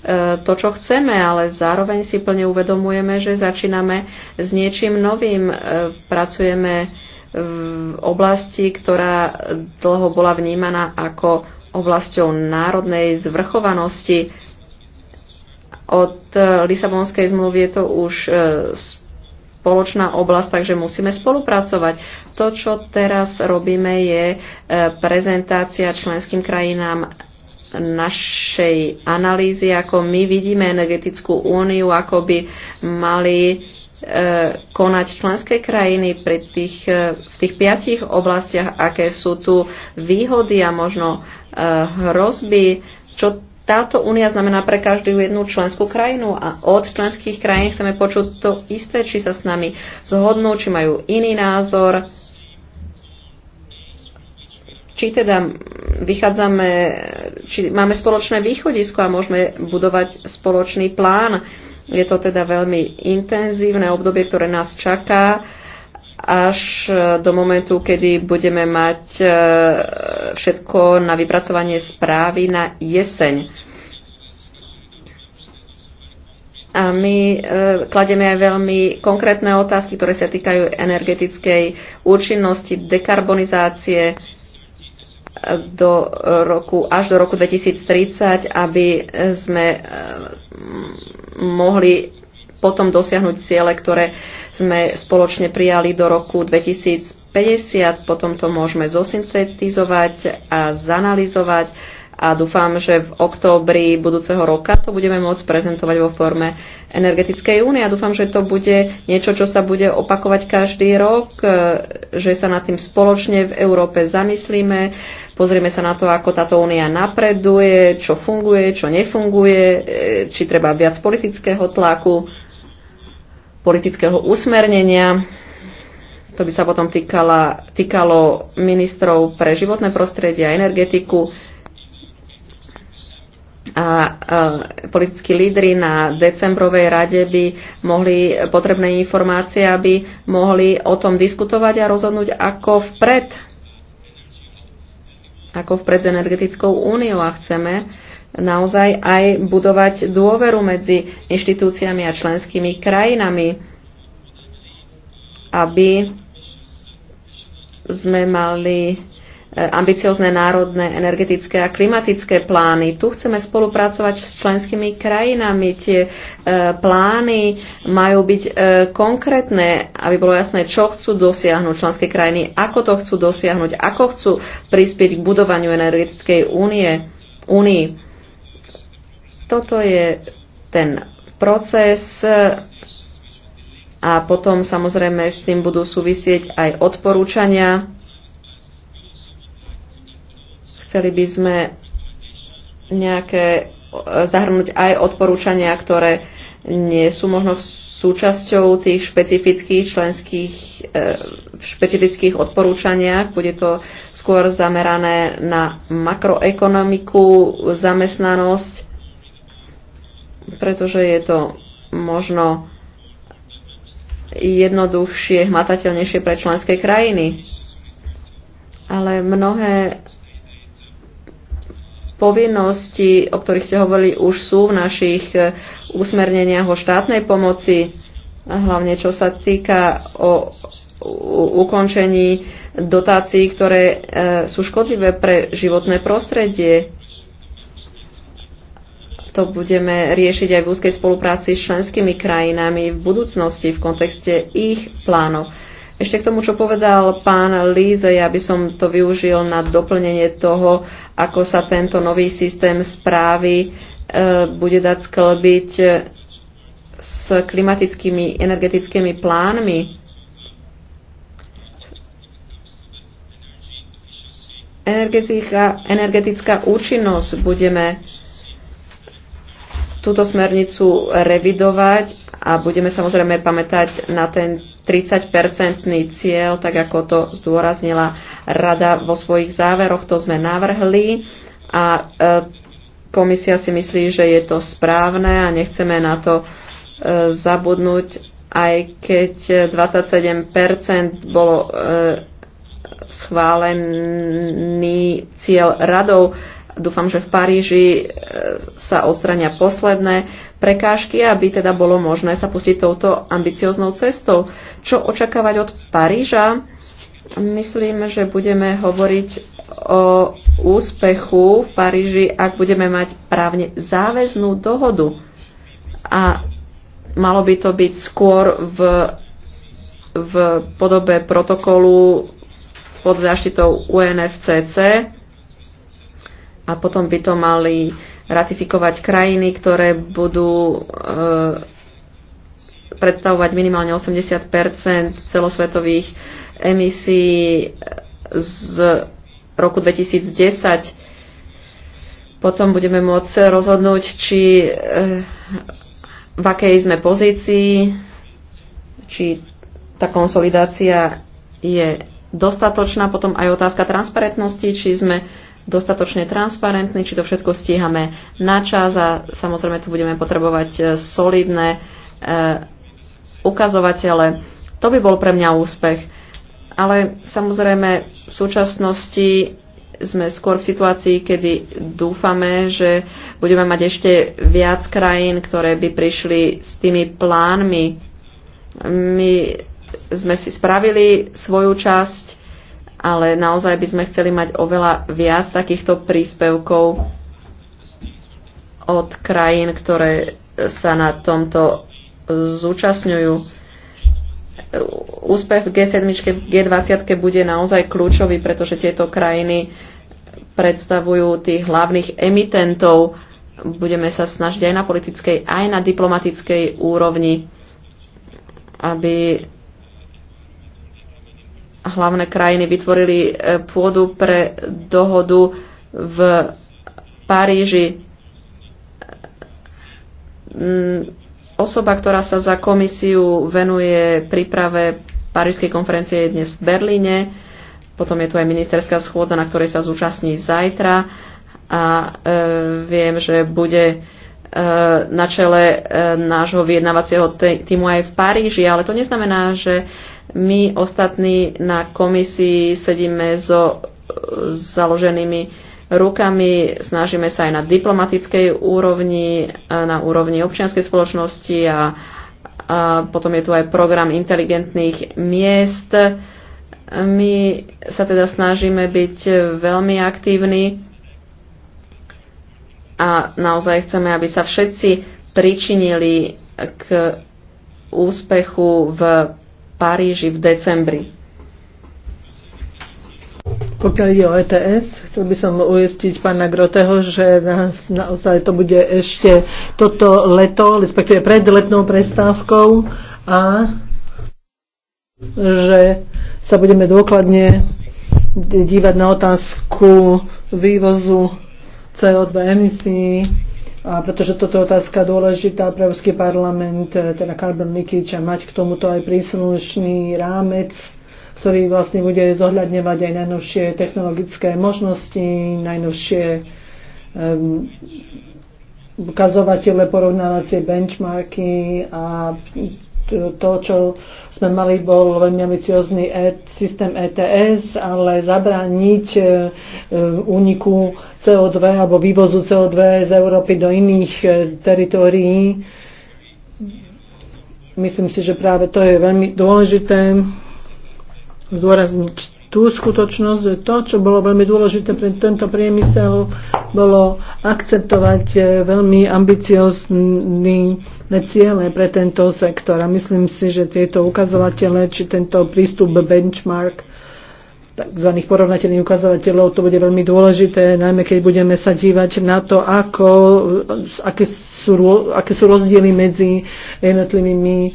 E, to, čo chceme, ale zároveň si plne uvedomujeme, že začíname s niečím novým. E, pracujeme v oblasti, ktorá dlho bola vnímaná ako oblasťou národnej zvrchovanosti. Od Lisabonskej zmluvy je to už e, spoločná oblasť, takže musíme spolupracovať. To, čo teraz robíme, je prezentácia členským krajinám našej analýzy, ako my vidíme energetickú úniu, ako by mali e, konať členské krajiny pri tých, e, v tých piatich oblastiach, aké sú tu výhody a možno e, hrozby, čo táto únia znamená pre každú jednu členskú krajinu a od členských krajín chceme počuť to isté, či sa s nami zhodnú, či majú iný názor, či teda vychádzame, či máme spoločné východisko a môžeme budovať spoločný plán. Je to teda veľmi intenzívne obdobie, ktoré nás čaká až e, do momentu, kedy budeme mať e, všetko na vypracovanie správy na jeseň. A my e, kladieme klademe aj veľmi konkrétne otázky, ktoré sa týkajú energetickej účinnosti, dekarbonizácie, do roku, až do roku 2030, aby sme eh, mohli potom dosiahnuť ciele, ktoré sme spoločne prijali do roku 2050. Potom to môžeme zosyntetizovať a zanalizovať a dúfam, že v októbri budúceho roka to budeme môcť prezentovať vo forme energetickej únie a dúfam, že to bude niečo, čo sa bude opakovať každý rok, eh, že sa nad tým spoločne v Európe zamyslíme, Pozrieme sa na to, ako táto únia napreduje, čo funguje, čo nefunguje, e, či treba viac politického tlaku, politického usmernenia. To by sa potom týkala, týkalo ministrov pre životné prostredie a energetiku a politickí lídry na decembrovej rade by mohli potrebné informácie, aby mohli o tom diskutovať a rozhodnúť ako vpred ako vpred s energetickou úniou a chceme naozaj aj budovať dôveru medzi inštitúciami a členskými krajinami, aby sme mali E, ambiciozne národné energetické a klimatické plány. Tu chceme spolupracovať s členskými krajinami. Tie e, plány majú byť e, konkrétne, aby bolo jasné, čo chcú dosiahnuť členské krajiny, ako to chcú dosiahnuť, ako chcú prispieť k budovaniu energetickej únie. Únii. Toto je ten proces a potom samozrejme s tým budú súvisieť aj odporúčania Chceli by sme nejaké e, zahrnúť aj odporúčania, ktoré nie sú možno súčasťou tých špecifických členských e, špecifických odporúčaniach. Bude to skôr zamerané na makroekonomiku, zamestnanosť, pretože je to možno jednoduchšie, hmatateľnejšie pre členské krajiny. Ale mnohé povinnosti, o ktorých ste hovorili, už sú v našich e, usmerneniach o štátnej pomoci, hlavne čo sa týka o ukončení dotácií, ktoré e, sú škodlivé pre životné prostredie. To budeme riešiť aj v úzkej spolupráci s členskými krajinami v budúcnosti v kontexte ich plánov. Ešte k tomu, čo povedal pán Líze, ja by som to využil na doplnenie toho, ako sa tento nový systém správy e, bude dať sklbiť e, s klimatickými energetickými plánmi. Energetická, energetická účinnosť budeme túto smernicu revidovať a budeme samozrejme pamätať na ten 30-percentný cieľ, tak ako to zdôraznila rada vo svojich záveroch, to sme navrhli a e, komisia si myslí, že je to správne a nechceme na to e, zabudnúť, aj keď 27% bolo e, schválený cieľ radov Dúfam, že v Paríži e, sa odstrania posledné prekážky, aby teda bolo možné sa pustiť touto ambicioznou cestou. Čo očakávať od Paríža? Myslím, že budeme hovoriť o úspechu v Paríži, ak budeme mať právne záväznú dohodu. A malo by to byť skôr v, v podobe protokolu pod záštitou UNFCC, a potom by to mali ratifikovať krajiny, ktoré budú e, predstavovať minimálne 80 celosvetových emisí z roku 2010. Potom budeme môcť rozhodnúť, či e, v akej sme pozícii, či tá konsolidácia je dostatočná. Potom aj otázka transparentnosti, či sme dostatočne transparentní, či to všetko stíhame na čas a samozrejme tu budeme potrebovať e, solidné e, ukazovatele. To by bol pre mňa úspech. Ale samozrejme v súčasnosti sme skôr v situácii, kedy dúfame, že budeme mať ešte viac krajín, ktoré by prišli s tými plánmi. My sme si spravili svoju časť, ale naozaj by sme chceli mať oveľa viac takýchto príspevkov od krajín, ktoré sa na tomto zúčastňujú úspech v G7, v G20 bude naozaj kľúčový, pretože tieto krajiny predstavujú tých hlavných emitentov. Budeme sa snažiť aj na politickej, aj na diplomatickej úrovni, aby hlavné krajiny vytvorili e, pôdu pre dohodu v Paríži. Mm, osoba, ktorá sa za komisiu venuje príprave Parížskej konferencie je dnes v Berlíne. Potom je tu aj ministerská schôdza, na ktorej sa zúčastní zajtra. A e, viem, že bude e, na čele e, nášho vyjednávacieho týmu aj v Paríži, ale to neznamená, že e, my ostatní na komisii sedíme so založenými rukami, snažíme sa aj na diplomatickej úrovni, na úrovni občianskej spoločnosti a, a potom je tu aj program inteligentných miest. My sa teda snažíme byť veľmi aktívni a naozaj chceme, aby sa všetci pričinili k úspechu v Paríži v decembri. Pokiaľ ide o ETS, chcel by som uistiť pána Groteho, že na, naozaj to bude ešte toto leto, respektíve pred letnou prestávkou a že sa budeme dôkladne dívať na otázku vývozu CO2 emisí a pretože toto je otázka dôležitá pre Európsky parlament, eh, teda Carbon Leakage a mať k tomuto aj príslušný rámec, ktorý vlastne bude zohľadňovať aj najnovšie technologické možnosti, najnovšie um, ukazovatele, porovnávacie benchmarky a to, čo sme mali, bol veľmi ambiciozný e, systém ETS, ale zabrániť e, e, úniku CO2 alebo vývozu CO2 z Európy do iných teritórií. Myslím si, že práve to je veľmi dôležité zdôrazniť tú skutočnosť, že to, čo bolo veľmi dôležité pre tento priemysel, bolo akceptovať e, veľmi ambiciozný ciele pre tento sektor. A myslím si, že tieto ukazovatele, či tento prístup benchmark, tzv. porovnateľných ukazovateľov, to bude veľmi dôležité, najmä keď budeme sa dívať na to, ako, aké, sú, aké sú rozdiely medzi jednotlivými e,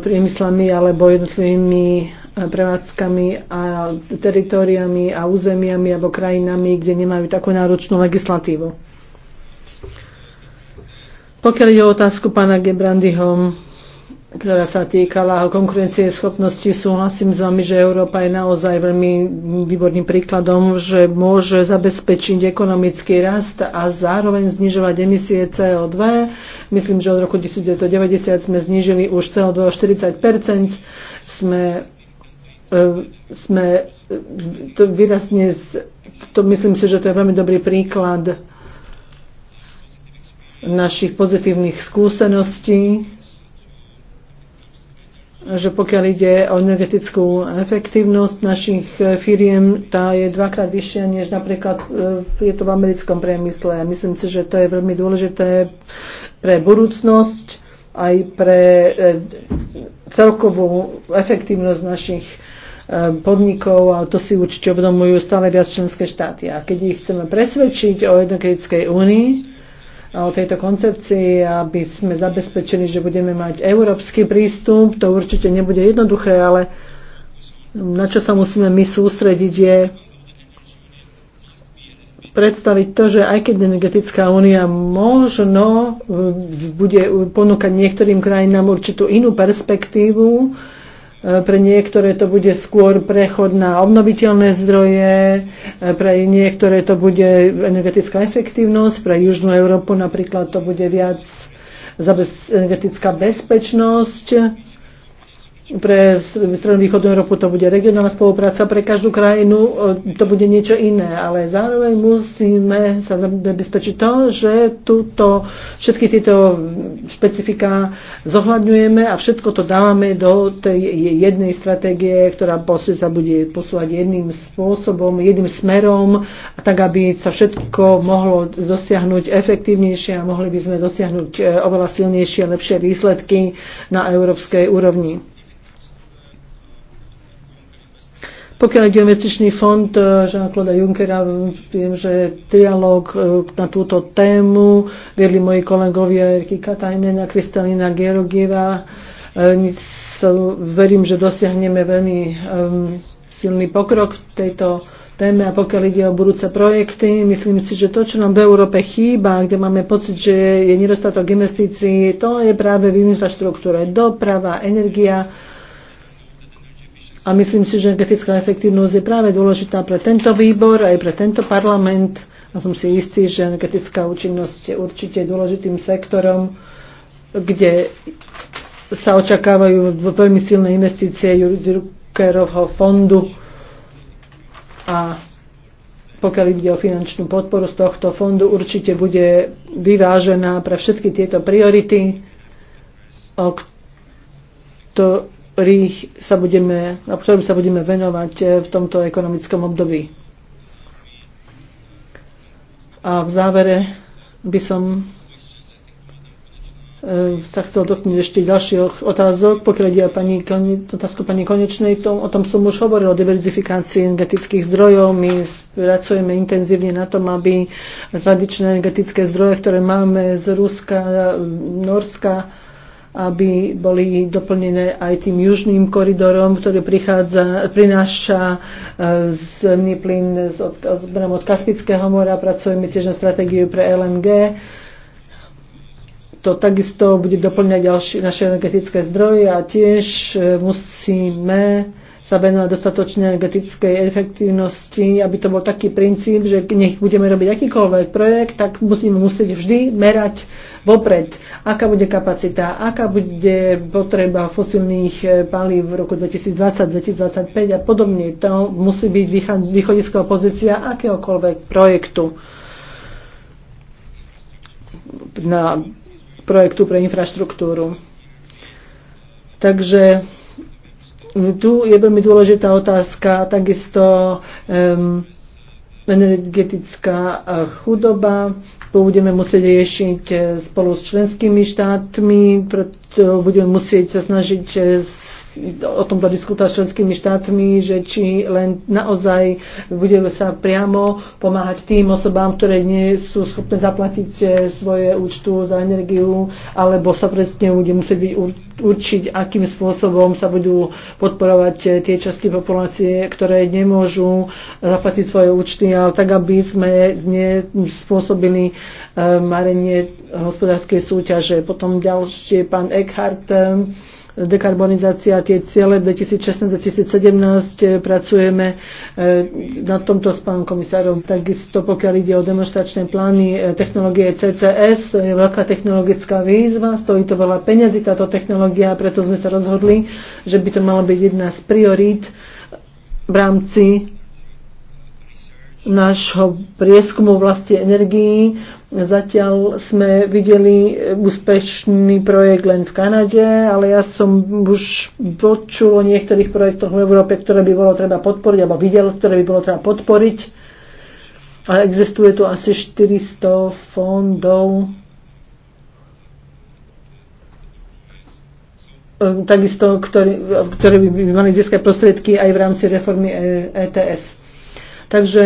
priemyslami alebo jednotlivými prevádzkami a teritóriami a územiami alebo krajinami, kde nemajú takú náročnú legislatívu. Pokiaľ ide o otázku pána Gebrandyho, ktorá sa týkala konkurencie schopnosti, súhlasím s vami, že Európa je naozaj veľmi výborným príkladom, že môže zabezpečiť ekonomický rast a zároveň znižovať emisie CO2. Myslím, že od roku 1990 sme znížili už CO2 o 40 sme E, sme e, to výrazne, to myslím si, že to je veľmi dobrý príklad našich pozitívnych skúseností, že pokiaľ ide o energetickú efektívnosť našich e, firiem, tá je dvakrát vyššia, než napríklad je to v americkom priemysle. Myslím si, že to je veľmi dôležité pre budúcnosť aj pre celkovú efektívnosť našich Eh, podnikov a to si určite uvedomujú stále viac členské štáty. A keď ich chceme presvedčiť o jednokritickej únii, a o tejto koncepcii, aby sme zabezpečili, že budeme mať európsky prístup. To určite nebude jednoduché, ale na čo sa musíme my sústrediť je predstaviť to, že aj keď energetická únia možno eh, bude ponúkať niektorým krajinám určitú inú perspektívu, E, pre niektoré to bude skôr prechod na obnoviteľné zdroje, e, pre niektoré to bude energetická efektívnosť, pre Južnú Európu napríklad to bude viac energetická bezpečnosť pre strednú východnú Európu to bude regionálna spolupráca, pre každú krajinu e, to bude niečo iné, ale zároveň musíme sa zabezpečiť to, že túto, všetky tieto špecifika zohľadňujeme a všetko to dávame do tej jednej stratégie, ktorá sa bude posúvať jedným spôsobom, jedným smerom, a tak aby sa všetko mohlo dosiahnuť efektívnejšie a mohli by sme dosiahnuť e, oveľa silnejšie a lepšie výsledky na európskej úrovni. Pokiaľ ide o investičný fond eh, Jean-Claude Junckera, viem, že trialóg eh, na túto tému viedli moji kolegovia Erky Katajnen a Kristalina Gerogieva. Eh, verím, že dosiahneme veľmi ehm, silný pokrok v tejto téme a pokiaľ ide o budúce projekty, myslím si, že to, čo nám v Európe chýba, kde máme pocit, že je nedostatok investícií, to je práve v infraštruktúre, doprava, energia, a myslím si, že energetická efektívnosť je práve dôležitá pre tento výbor, aj pre tento parlament. A som si istý, že energetická účinnosť je určite dôležitým sektorom, kde sa očakávajú veľmi silné investície Jurkerovho fondu a pokiaľ ide o finančnú podporu z tohto fondu, určite bude vyvážená pre všetky tieto priority, o ktorých sa budeme, na ktorým sa budeme venovať eh, v tomto ekonomickom období. A v závere by som eh, sa chcel dotknúť ešte ďalších otázok. Pokiaľ ide pani, otázku pani Konečnej, to, o tom som už hovoril, o diverzifikácii energetických zdrojov. My pracujeme intenzívne na tom, aby tradičné energetické zdroje, ktoré máme z Ruska, Norska, aby boli doplnené aj tým južným koridorom, ktorý prichádza, prináša e, zemný plyn z, od, od Kaspického mora. Pracujeme tiež na stratégiu pre LNG. To takisto bude doplňať ďalšie naše energetické zdroje a tiež e, musíme sa venovať dostatočne energetickej efektívnosti, aby to bol taký princíp, že nech budeme robiť akýkoľvek projekt, tak musíme musieť vždy merať vopred, aká bude kapacita, aká bude potreba fosilných eh, palív v roku 2020, 2025 a podobne. To musí byť východisková pozícia akéhokoľvek projektu na projektu pre infraštruktúru. Takže tu je veľmi dôležitá otázka, takisto um, energetická e, chudoba. budeme musieť riešiť e, spolu s členskými štátmi, preto budeme musieť sa snažiť e, o tomto diskutovať s členskými štátmi, že či len naozaj budeme sa priamo pomáhať tým osobám, ktoré nie sú schopné zaplatiť eh, svoje účtu za energiu, alebo sa presne bude musieť byť určiť, akým spôsobom sa budú podporovať eh, tie časti populácie, ktoré nemôžu eh, zaplatiť svoje účty, ale tak, aby sme nespôsobili marenie hospodárskej súťaže. Potom ďalšie pán Eckhart dekarbonizácia, tie ciele 2016-2017 eh, pracujeme eh, na tomto s pánom komisárom. Takisto pokiaľ ide o demonstračné plány eh, technológie CCS, je veľká technologická výzva, stojí to veľa peňazí táto technológia, preto sme sa rozhodli, že by to mala byť jedna z priorít v rámci nášho prieskumu vlasti energií Zatiaľ sme videli úspešný projekt len v Kanade, ale ja som už počul o niektorých projektoch v Európe, ktoré by bolo treba podporiť, alebo videl, ktoré by bolo treba podporiť. A existuje tu asi 400 fondov. Ehm, takisto, ktorí by mali získať prostriedky aj v rámci reformy ETS. E Takže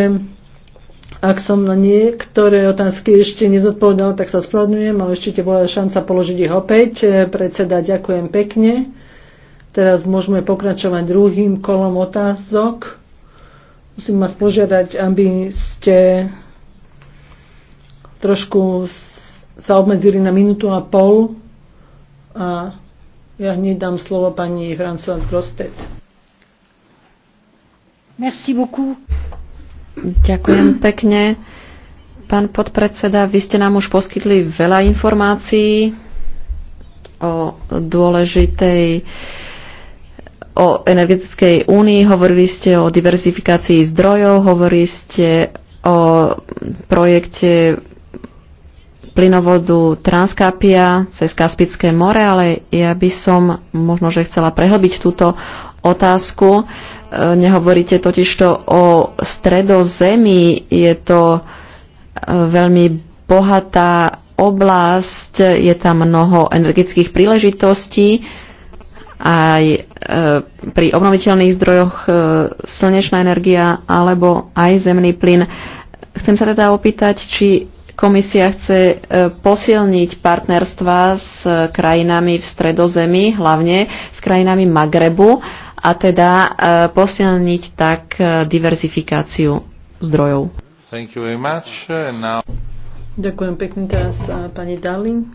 ak som na niektoré otázky ešte nezodpovedala, tak sa spravedlňujem, ale ešte bola šanca položiť ich opäť. E, predseda, ďakujem pekne. Teraz môžeme pokračovať druhým kolom otázok. Musím vás požiadať, aby ste trošku sa obmedzili na minútu a pol a ja hneď dám slovo pani Françoise Grostet. Merci beaucoup. Ďakujem pekne. Pán podpredseda, vy ste nám už poskytli veľa informácií o dôležitej o energetickej únii, hovorili ste o diverzifikácii zdrojov, hovorili ste o projekte plynovodu Transkapia cez Kaspické more, ale ja by som možno, že chcela prehlbiť túto otázku. Nehovoríte to o stredozemi, je to e, veľmi bohatá oblasť, je tam mnoho energetických príležitostí, aj e, pri obnoviteľných zdrojoch e, slnečná energia alebo aj zemný plyn. Chcem sa teda opýtať, či Komisia chce posilniť partnerstva s krajinami v stredozemi, hlavne s krajinami Magrebu a teda e, posilniť tak e, diverzifikáciu zdrojov. Thank you very much. Now... Ďakujem pekne teraz e, pani Darling.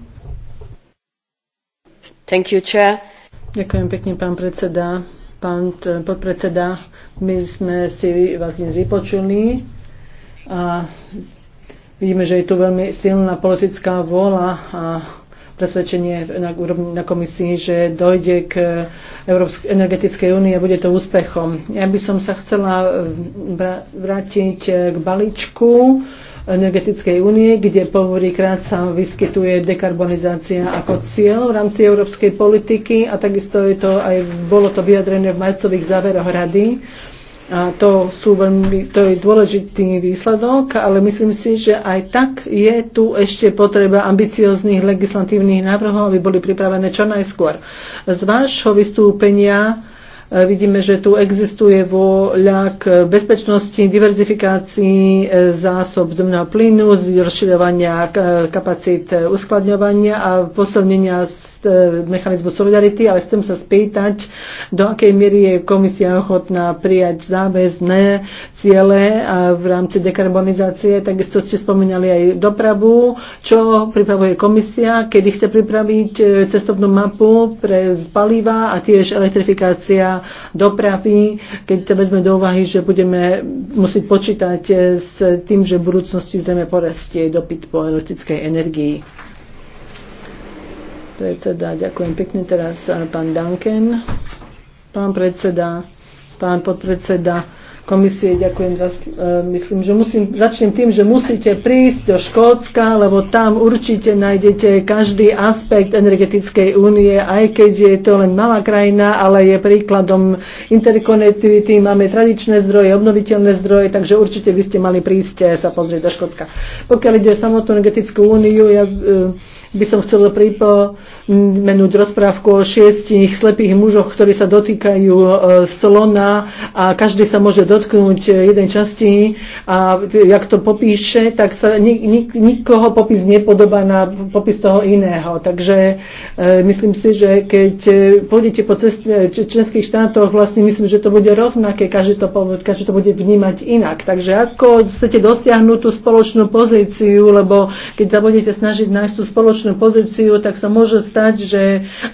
Thank you, chair. Ďakujem pekne, pán predseda. Pán podpredseda, my sme si vás dnes vypočuli a vidíme, že je tu veľmi silná politická vôľa a presvedčenie na, na komisii, že dojde k eh, Európskej energetickej únie a bude to úspechom. Ja by som sa chcela eh, vrátiť eh, k balíčku energetickej únie, kde poprvýkrát sa vyskytuje dekarbonizácia ako cieľ v rámci európskej politiky a takisto je to aj, bolo to vyjadrené v majcových záveroch rady. A to, sú veľmi, to je dôležitý výsledok, ale myslím si, že aj tak je tu ešte potreba ambicióznych legislatívnych návrhov, aby boli pripravené čo najskôr. Z vášho vystúpenia e, vidíme, že tu existuje vôľa k bezpečnosti, diverzifikácii e, zásob zemného plynu, zrozširovania kapacít e, uskladňovania a posilnenia E, mechanizmu solidarity, ale chcem sa spýtať, do akej miery je komisia ochotná prijať záväzné ciele v rámci dekarbonizácie. Takisto ste spomínali aj dopravu, čo pripravuje komisia, kedy chce pripraviť e, cestovnú mapu pre paliva a tiež elektrifikácia dopravy, keď to vezme do úvahy, že budeme musieť počítať e, s tým, že v budúcnosti zrejme porastie dopyt po elektrickej energii. Predseda, ďakujem pekne. Teraz eh, pán Duncan. Pán predseda, pán podpredseda komisie, ďakujem za, eh, myslím, že musím, začnem tým, že musíte prísť do Škótska, lebo tam určite nájdete každý aspekt energetickej únie, aj keď je to len malá krajina, ale je príkladom interkonektivity, máme tradičné zdroje, obnoviteľné zdroje, takže určite by ste mali prísť eh, sa pozrieť do Škótska. Pokiaľ ide o samotnú energetickú úniu, ja, by som chcela pripomenúť rozprávku o šiestich slepých mužoch, ktorí sa dotýkajú e, slona a každý sa môže dotknúť e, jednej časti a jak to popíše, tak sa nik, nik, nikoho popis nepodobá na popis toho iného. Takže e, myslím si, že keď e, pôjdete po cest, členských štátoch, vlastne myslím, že to bude rovnaké, každý to, každý to bude vnímať inak. Takže ako chcete dosiahnuť tú spoločnú pozíciu, lebo keď sa budete snažiť nájsť tú spoločnú spoločnú pozíciu, tak sa môže stať, že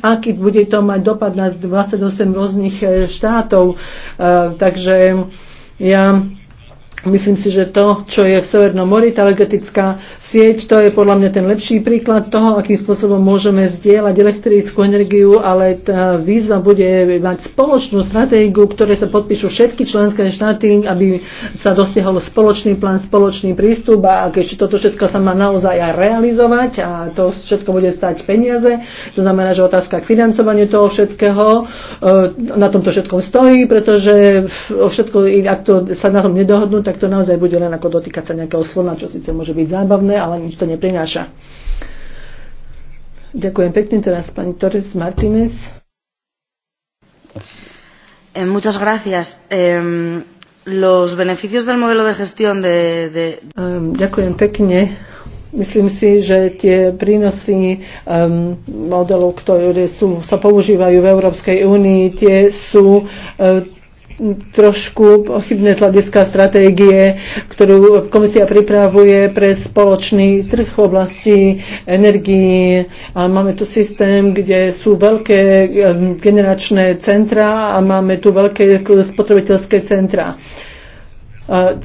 aký bude to mať dopad na 28 rôznych e, štátov. E, takže ja Myslím si, že to, čo je v Severnom mori, tá legetická sieť, to je podľa mňa ten lepší príklad toho, akým spôsobom môžeme zdieľať elektrickú energiu, ale tá výzva bude mať spoločnú stratégiu, ktoré sa podpíšu všetky členské štáty, aby sa dosiahol spoločný plán, spoločný prístup a keď toto všetko sa má naozaj aj realizovať a to všetko bude stať peniaze, to znamená, že otázka k financovaniu toho všetkého e, na tomto všetkom stojí, pretože všetko, ak to sa na tom nedohodnú, tak tak to naozaj bude len ako dotýkať sa nejakého slona, čo síce môže byť zábavné, ale nič to neprináša. Ďakujem pekne teraz pani Torres Martínez. Eh, muchas gracias. Eh, los beneficios del modelo de gestión de... de... Um, ďakujem pekne. Myslím si, že tie prínosy um, modelov, ktoré sú, sa používajú v Európskej únii, tie sú uh, trošku pochybné z hľadiska stratégie, ktorú komisia pripravuje pre spoločný trh v oblasti energii. A máme tu systém, kde sú veľké generačné centra a máme tu veľké spotrebiteľské centra. A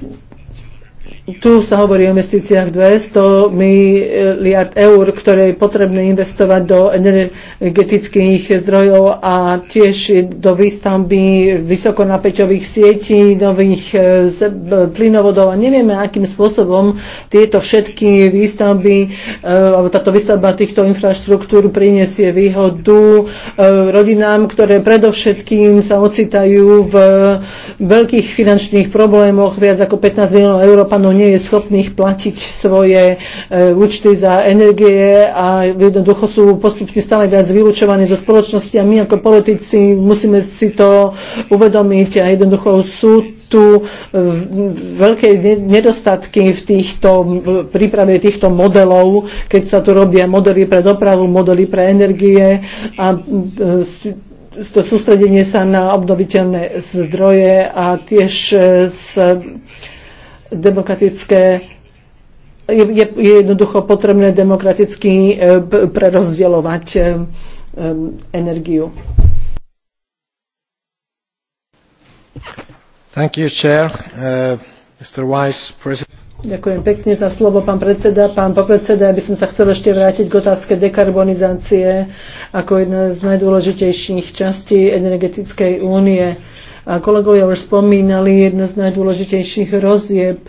tu sa hovorí o investíciách 200 miliard eur, ktoré je potrebné investovať do energetických zdrojov a tiež do výstavby vysokonapäťových sietí, nových e, e, plynovodov a nevieme, akým spôsobom tieto všetky výstavby, e, alebo táto výstavba týchto infraštruktúr prinesie výhodu rodinám, ktoré predovšetkým sa ocitajú v veľkých finančných problémoch, viac ako 15 miliónov Európanov nie je schopných platiť svoje e, účty za energie a jednoducho sú postupne stále viac vylúčovaní zo spoločnosti a my ako politici musíme si to uvedomiť a jednoducho sú tu e, veľké nedostatky v týchto, príprave týchto modelov, keď sa tu robia modely pre dopravu, modely pre energie a e, to sústredenie sa na obnoviteľné zdroje a tiež e, s demokratické je, je jednoducho potrebné demokraticky e, prerozdielovať e, e, energiu. Thank you, Chair. Uh, Mr. Weiss, President. Ďakujem pekne za slovo, pán predseda. Pán popredseda, ja by som sa chcel ešte vrátiť k otázke dekarbonizácie ako jedna z najdôležitejších častí energetickej únie. Uh, a kolegovia už spomínali jedno z najdôležitejších rozjeb,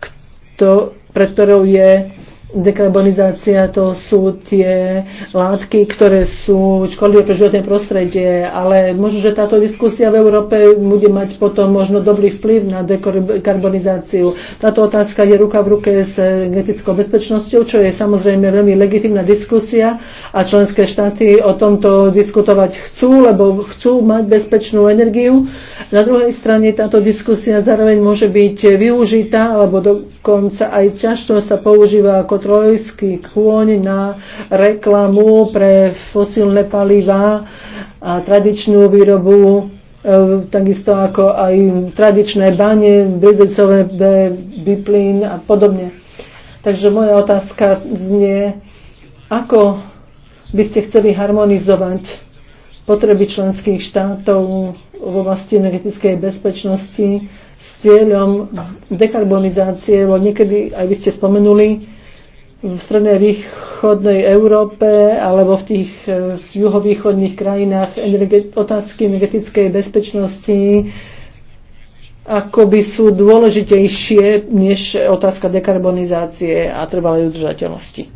kto, pre ktorou je dekarbonizácia to sú tie látky, ktoré sú škodlivé pre životné prostredie, ale možno, že táto diskusia v Európe bude mať potom možno dobrý vplyv na dekarbonizáciu. Táto otázka je ruka v ruke s genetickou bezpečnosťou, čo je samozrejme veľmi legitimná diskusia a členské štáty o tomto diskutovať chcú, lebo chcú mať bezpečnú energiu. Na druhej strane táto diskusia zároveň môže byť využitá alebo dokonca aj ťažko sa používa ako trojský kôň na reklamu pre fosílne palivá a tradičnú výrobu e, takisto ako aj tradičné bane, bridecové biplín a podobne. Takže moja otázka znie, ako by ste chceli harmonizovať potreby členských štátov v oblasti energetickej bezpečnosti s cieľom dekarbonizácie, lebo niekedy aj vy ste spomenuli, v strednej východnej Európe alebo v tých e, juhovýchodných krajinách energe- otázky energetickej bezpečnosti akoby sú dôležitejšie než otázka dekarbonizácie a trvalej udržateľnosti.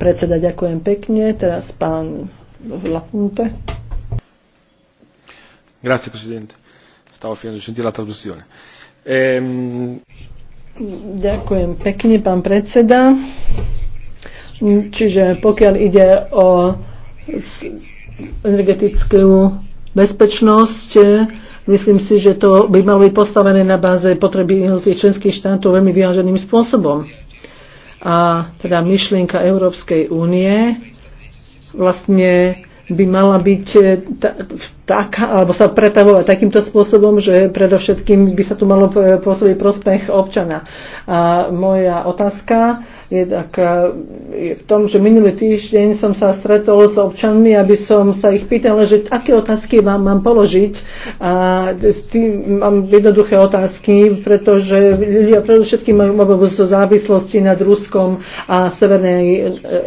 Predseda, ďakujem pekne. Teraz pán Lapunte. Grazie Presidente. Stavo finendo di sentire la traduzione. Ehm... Ďakujem pekne, pán predseda. Čiže pokiaľ ide o energetickú bezpečnosť, myslím si, že to by malo byť postavené na báze potreby jednotlivých členských štátov veľmi vyváženým spôsobom. A teda myšlienka Európskej únie vlastne by mala byť tak, alebo sa pretavovať takýmto spôsobom, že predovšetkým by sa tu malo pôsobiť prospech občana. A moja otázka je, tak, je v tom, že minulý týždeň som sa stretol s občanmi, aby som sa ich pýtal, že aké otázky vám mám položiť. A s tým mám jednoduché otázky, pretože ľudia predovšetkým majú obavu zo závislosti nad Ruskom a Severnej, e,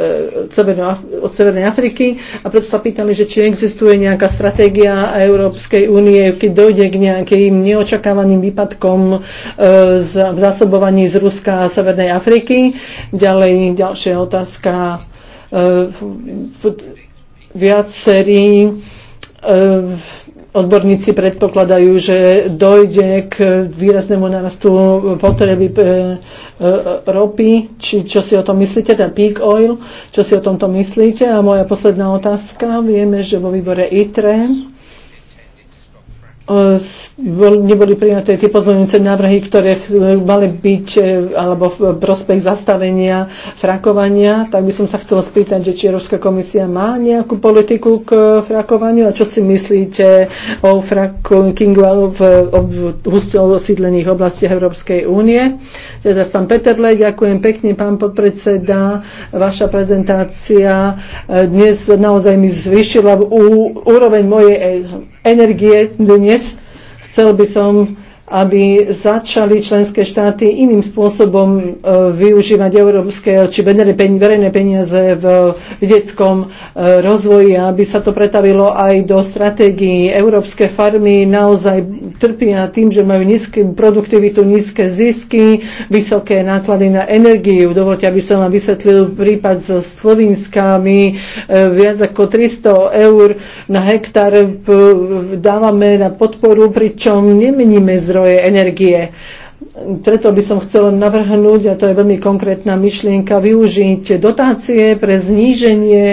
e, Severnej, od Severnej Afriky a preto sa pýtali, že či existuje nejaká stratégia a Európskej únie, keď dojde k nejakým neočakávaným výpadkom e, v zásobovaní z Ruska a Severnej Afriky. Ďalej ďalšia otázka. E, viacerí e, Odborníci predpokladajú, že dojde k výraznému narastu potreby ropy. Či, čo si o tom myslíte, ten peak oil, čo si o tomto myslíte? A moja posledná otázka, vieme, že vo výbore ITRE neboli prijaté tie pozmeňujúce návrhy, ktoré e, mali byť e, alebo v prospech zastavenia frakovania, tak by som sa chcela spýtať, že či Európska komisia má nejakú politiku k e, frakovaniu a čo si myslíte o frackingu v, husto osídlených oblastiach Európskej únie. Teda pán Peterle, ďakujem pekne, pán podpredseda, vaša prezentácia dnes naozaj mi zvyšila úroveň mojej energie dnes. Chcel by som aby začali členské štáty iným spôsobom e, využívať európske či verejné peniaze v vedeckom e, rozvoji, aby sa to pretavilo aj do stratégií. Európske farmy naozaj trpia tým, že majú nízku produktivitu, nízke zisky, vysoké náklady na energiu. Dovolte, aby som vám vysvetlil prípad so Slovinskami. E, viac ako 300 eur na hektár dávame na podporu, pričom nemeníme zra zdroje energie. Preto by som chcela navrhnúť, a to je veľmi konkrétna myšlienka, využiť dotácie pre zníženie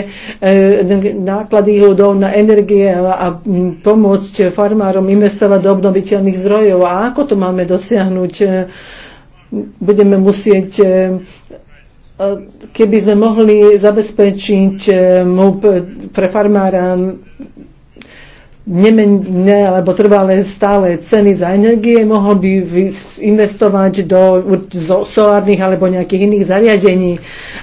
e, nákladov na energie a pomôcť farmárom investovať do obnoviteľných zdrojov. A ako to máme dosiahnuť? E, budeme musieť e, keby sme mohli zabezpečiť pre farmára nemenné alebo trvalé stále ceny za energie, mohol by investovať do solárnych alebo nejakých iných zariadení.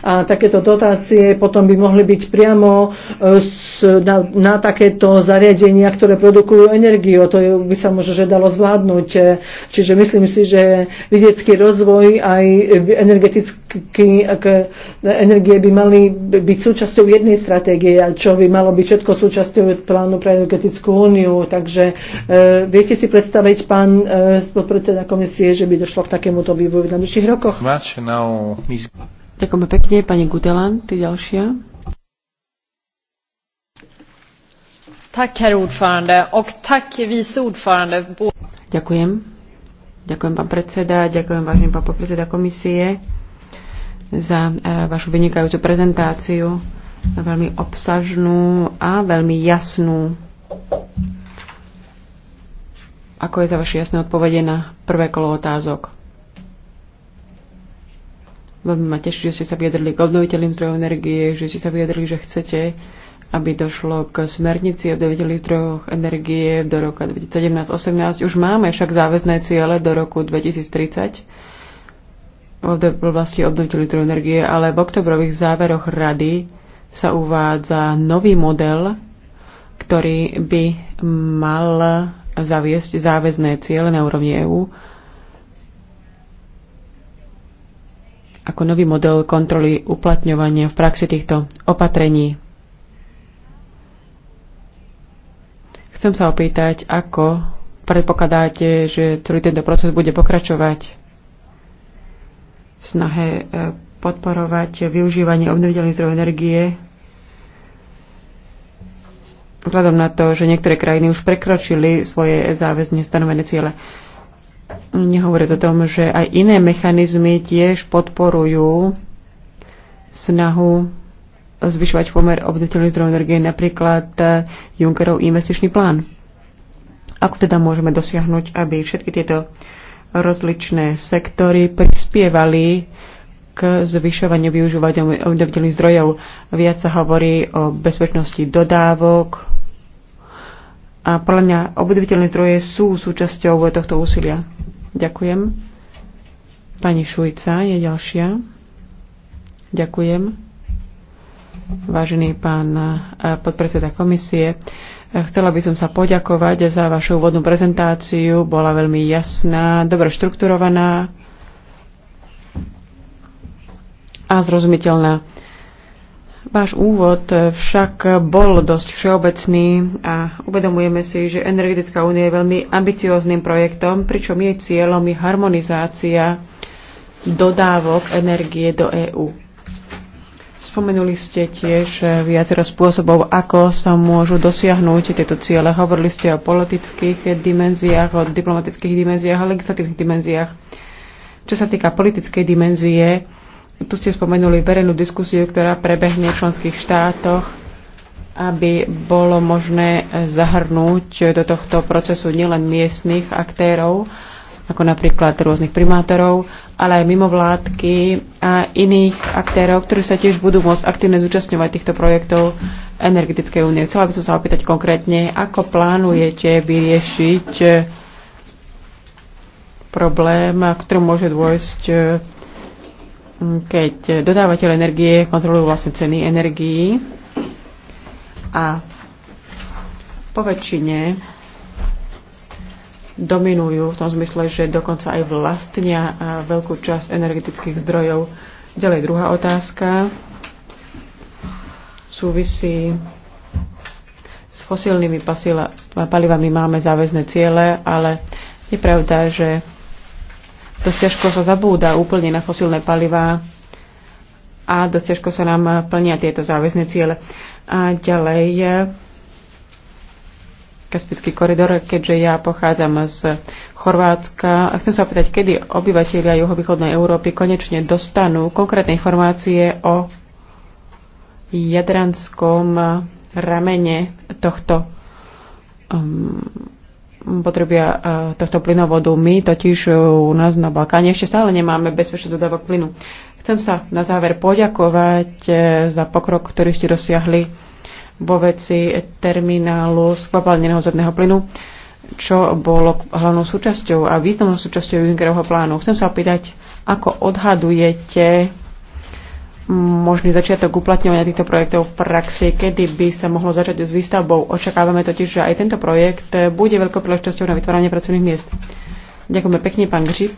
A takéto dotácie potom by mohli byť priamo e, na, na takéto zariadenia, ktoré produkujú energiu. To by sa možno že dalo zvládnuť. Čiže myslím si, že vidiecký rozvoj aj energetický energie by mali byť súčasťou jednej stratégie, čo by malo byť všetko súčasťou plánu pre energetickú Európsku úniu. Takže e, viete si predstaviť, pán e, predseda komisie, že by došlo k takémuto vývoju v najbližších rokoch? Ďakujeme pekne, pani Gudelan, ty ďalšia. Tak, herr ordförande, och tak, vice ordförande. Ďakujem. Ďakujem, pán predseda, ďakujem, vážený pán podpredseda komisie za e, vašu vynikajúcu prezentáciu, veľmi obsažnú a veľmi jasnú. Ako je za vaše jasné odpovede na prvé kolo otázok? Veľmi ma teší, že ste sa vyjadrili k obnoviteľným zdrojom energie, že ste sa vyjadrili, že chcete, aby došlo k smernici o obnoviteľných zdrojoch energie do roka 2017-2018. Už máme však záväzné ciele do roku 2030 v oblasti obnoviteľných zdrojov energie, ale v oktobrových záveroch rady sa uvádza nový model ktorý by mal zaviesť záväzné ciele na úrovni EÚ ako nový model kontroly uplatňovania v praxi týchto opatrení. Chcem sa opýtať, ako predpokladáte, že celý tento proces bude pokračovať v snahe eh, podporovať využívanie obnoviteľných zdrojov energie vzhľadom na to, že niektoré krajiny už prekročili svoje záväzne stanovené ciele. Nehovorí o tom, že aj iné mechanizmy tiež podporujú snahu zvyšovať pomer obnoviteľných zdrojov energie, napríklad eh, Junckerov investičný plán. Ako teda môžeme dosiahnuť, aby všetky tieto rozličné sektory prispievali k zvyšovaniu využívania obnoviteľných zdrojov. Viac sa hovorí o bezpečnosti dodávok. A podľa mňa obnoviteľné zdroje sú súčasťou tohto úsilia. Ďakujem. Pani Šujca je ďalšia. Ďakujem. Vážený pán eh, podpredseda komisie, eh, Chcela by som sa poďakovať za vašu úvodnú prezentáciu. Bola veľmi jasná, dobre štrukturovaná a zrozumiteľná. Váš úvod však bol dosť všeobecný a uvedomujeme si, že Energetická únia je veľmi ambicióznym projektom, pričom jej cieľom je harmonizácia dodávok energie do EÚ. Spomenuli ste tiež viacero spôsobov, ako sa môžu dosiahnuť tieto ciele. Hovorili ste o politických dimenziách, o diplomatických dimenziách, o legislatívnych dimenziách. Čo sa týka politickej dimenzie, tu ste spomenuli verejnú diskusiu, ktorá prebehne v členských štátoch, aby bolo možné zahrnúť do tohto procesu nielen miestnych aktérov, ako napríklad rôznych primátorov, ale aj mimovládky a iných aktérov, ktorí sa tiež budú môcť aktívne zúčastňovať týchto projektov energetickej únie. Chcela by som sa opýtať konkrétne, ako plánujete vyriešiť problém, v ktorom môže dôjsť keď dodávateľ energie kontrolujú vlastne ceny energií a po väčšine dominujú v tom zmysle, že dokonca aj vlastnia e, veľkú časť energetických zdrojov. Ďalej druhá otázka súvisí s fosílnymi palivami máme záväzne ciele, ale je pravda, že Dosť ťažko sa zabúda úplne na fosílne palivá a dosť ťažko sa nám plnia tieto záväzne ciele. A ďalej Kaspický koridor, keďže ja pochádzam z Chorvátska. A chcem sa opýtať, kedy obyvateľia juhovýchodnej Európy konečne dostanú konkrétne informácie o jadranskom ramene tohto um, potrebia e, tohto plynovodu. My totiž e, u nás na Balkáne ešte stále nemáme bezpečnosť dodávok plynu. Chcem sa na záver poďakovať e, za pokrok, ktorý ste dosiahli vo veci terminálu skvapalneného zadného plynu, čo bolo hlavnou súčasťou a významnou súčasťou Junckerovho plánu. Chcem sa opýtať, ako odhadujete možný začiatok uplatňovania týchto projektov v praxi, kedy by sa mohlo začať s výstavbou. Očakávame totiž, že aj tento projekt bude veľkou príležitosťou na vytváranie pracovných miest. Ďakujeme pekne, pán Gžip.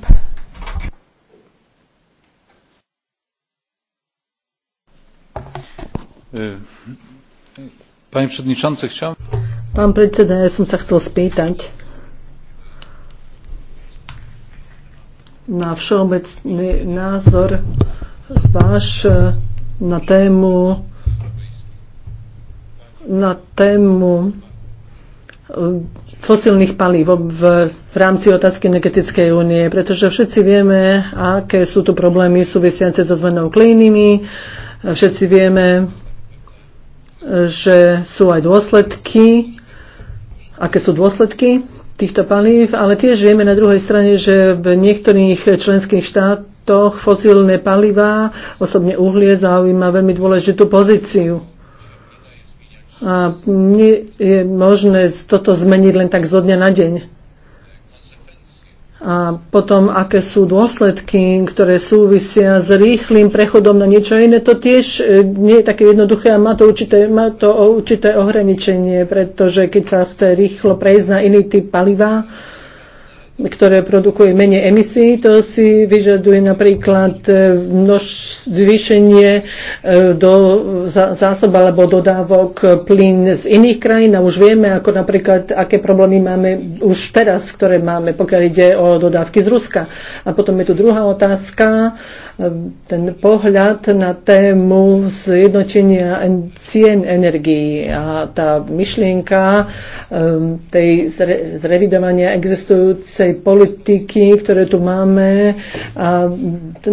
E, pani predsedničance, chciałem... Pán predseda, ja som sa chcel spýtať na všeobecný názor váš eh, na tému na tému eh, fosilných palív v, v rámci otázky energetickej únie, pretože všetci vieme, aké sú tu problémy súvisiace so zmenou klínymi. Eh, všetci vieme, že sú aj dôsledky, aké sú dôsledky týchto palív, ale tiež vieme na druhej strane, že v niektorých členských štátoch fosílne palivá, osobne uhlie, zaujíma veľmi dôležitú pozíciu. A nie je možné toto zmeniť len tak zo dňa na deň a potom aké sú dôsledky, ktoré súvisia s rýchlým prechodom na niečo iné, to tiež e, nie je také jednoduché a má to určité, má to určité ohraničenie, pretože keď sa chce rýchlo prejsť na iný typ paliva, ktoré produkuje menej emisí. To si vyžaduje napríklad e, množ, zvýšenie e, do zásob alebo dodávok plyn z iných krajín a už vieme, ako napríklad, aké problémy máme už teraz, ktoré máme, pokiaľ ide o dodávky z Ruska. A potom je tu druhá otázka, e, ten pohľad na tému zjednotenia cien energií a tá myšlienka tej zrevidovania existujúce tej politiky, ktoré tu máme a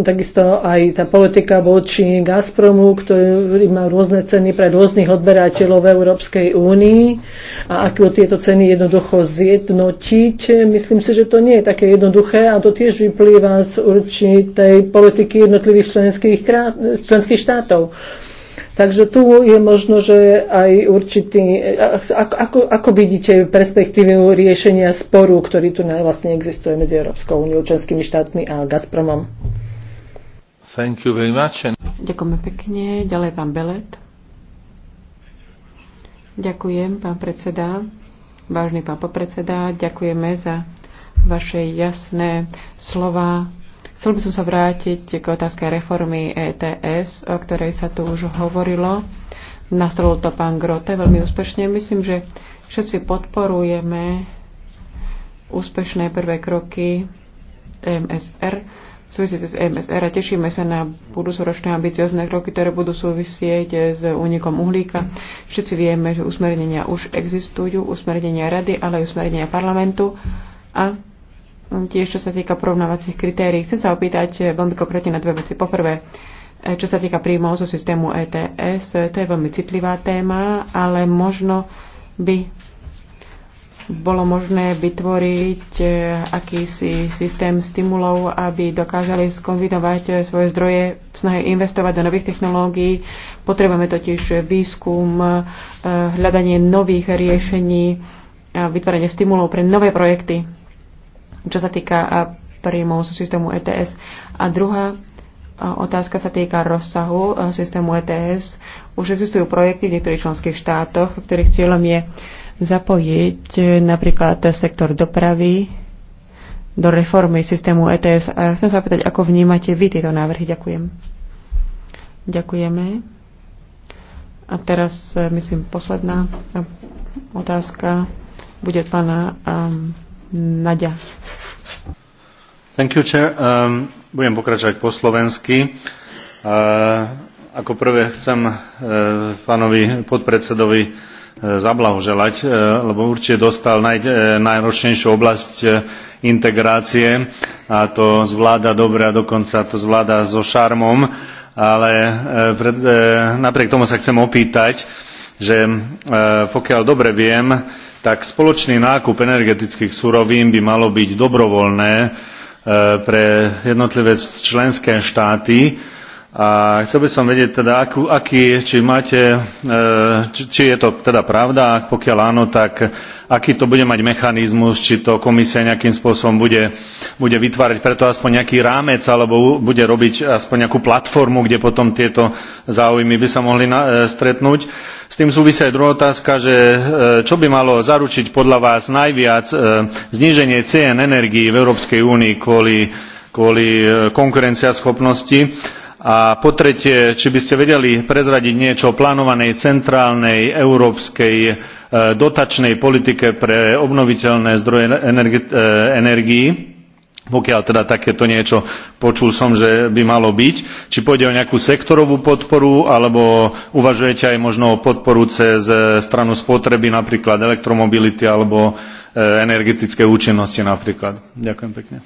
takisto aj tá politika voči Gazpromu, ktorý má rôzne ceny pre rôznych odberateľov v Európskej únii a ako tieto ceny jednoducho zjednotiť. Myslím si, že to nie je také jednoduché a to tiež vyplýva z určitej politiky jednotlivých členských, členských štátov. Takže tu je možno, že aj určitý, ako, ako, ako vidíte perspektívu riešenia sporu, ktorý tu vlastne existuje medzi Európskou úniou, členskými štátmi a Gazpromom. Thank you very much. Ďakujeme pekne. Ďalej pán Belet. Ďakujem, pán predseda. Vážny pán popredseda, ďakujeme za vaše jasné slova Chcel by som sa vrátiť k otázke reformy ETS, o ktorej sa tu už hovorilo. Nastrolil to pán Grote veľmi úspešne. Myslím, že všetci podporujeme úspešné prvé kroky e MSR, v súvisí s EMSR e a tešíme sa na budúcoročné ambiciozne kroky, ktoré budú súvisieť s únikom uhlíka. Všetci vieme, že usmernenia už existujú, usmernenia rady, ale aj usmernenia parlamentu a Hm, tiež čo sa týka porovnávacích kritérií. Chcem sa opýtať eh, veľmi konkrétne na dve veci. Poprvé, eh, čo sa týka príjmov zo systému ETS, eh, to je veľmi citlivá téma, ale možno by bolo možné vytvoriť akýsi systém stimulov, aby dokázali skombinovať svoje zdroje v snahe investovať do nových technológií. Potrebujeme totiž výskum, hľadanie nových riešení a vytvorenie stimulov pre nové projekty čo sa týka príjmov zo systému ETS. A druhá otázka sa týka rozsahu systému ETS. Už existujú projekty v niektorých členských štátoch, ktorých cieľom je zapojiť e, napríklad sektor dopravy do reformy systému ETS. A chcem sa pýtať, ako vnímate vy tieto návrhy. Ďakujem. Ďakujeme. A teraz, e, myslím, posledná otázka bude od pána um, Nadia. Thank you, chair. Um, budem pokračovať po slovensky. Uh, ako prvé chcem uh, pánovi podpredsedovi uh, zablahoželať, uh, lebo určite dostal naj, uh, najročnejšiu oblasť uh, integrácie a to zvláda dobre a dokonca to zvláda so šarmom, ale pred, napriek tomu sa chcem opýtať, že pokiaľ dobre viem, tak spoločný nákup energetických surovín by malo byť dobrovoľné eh, pre jednotlivé členské štáty a chcel by som vedieť, teda, akú, aký, či, máte, e, či, či je to teda pravda, a pokiaľ áno, tak aký to bude mať mechanizmus, či to komisia nejakým spôsobom bude, bude vytvárať preto aspoň nejaký rámec, alebo bude robiť aspoň nejakú platformu, kde potom tieto záujmy by sa mohli na, e, stretnúť. S tým súvisia aj druhá otázka, že e, čo by malo zaručiť podľa vás najviac zníženie cien energií v Európskej únii kvôli, kvôli konkurenciaschopnosti a po tretie, či by ste vedeli prezradiť niečo o plánovanej centrálnej európskej e, dotačnej politike pre obnoviteľné zdroje energií e, pokiaľ teda takéto niečo počul som, že by malo byť. Či pôjde o nejakú sektorovú podporu, alebo uvažujete aj možno o podporu cez e, stranu spotreby, napríklad elektromobility, alebo energetické účinnosti napríklad. Ďakujem pekne.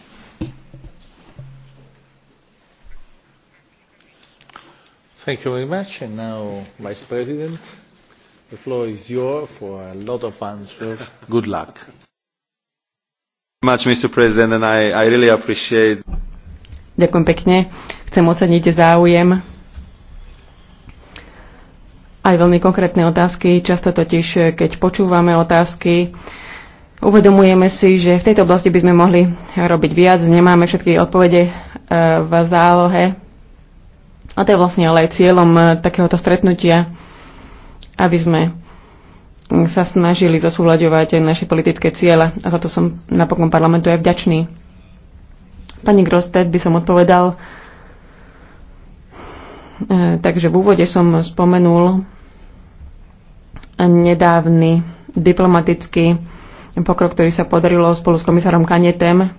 Thank you very much. And now, Vice President, the floor is yours for a lot of answers. Good luck. Much, Mr. President, and I, I really appreciate... Ďakujem pekne. Chcem oceniť záujem aj veľmi konkrétne otázky. Často totiž, keď počúvame otázky, uvedomujeme si, že v tejto oblasti by sme mohli robiť viac. Nemáme všetky odpovede eh, v zálohe a to je vlastne ale aj cieľom eh, takéhoto stretnutia, aby sme sa snažili zasúľaďovať naše politické ciele a za to som napokon parlamentu aj vďačný. Pani Grosted by som odpovedal, eh, takže v úvode som spomenul nedávny diplomatický pokrok, ktorý sa podarilo spolu s komisárom Kanetem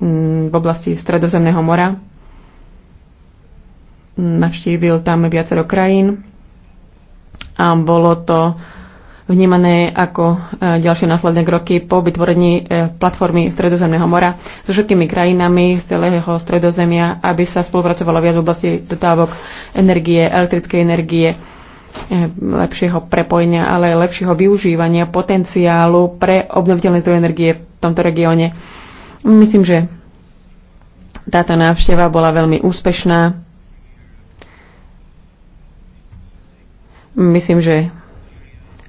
mm, v oblasti Stredozemného mora navštívil tam viacero krajín a bolo to vnímané ako e, ďalšie následné kroky po vytvorení e, platformy Stredozemného mora so všetkými krajinami z celého Stredozemia, aby sa spolupracovalo viac v oblasti dotávok energie, elektrickej energie, e, lepšieho prepojenia, ale lepšieho využívania potenciálu pre obnoviteľné zdroje energie v tomto regióne. Myslím, že táto návšteva bola veľmi úspešná Myslím, že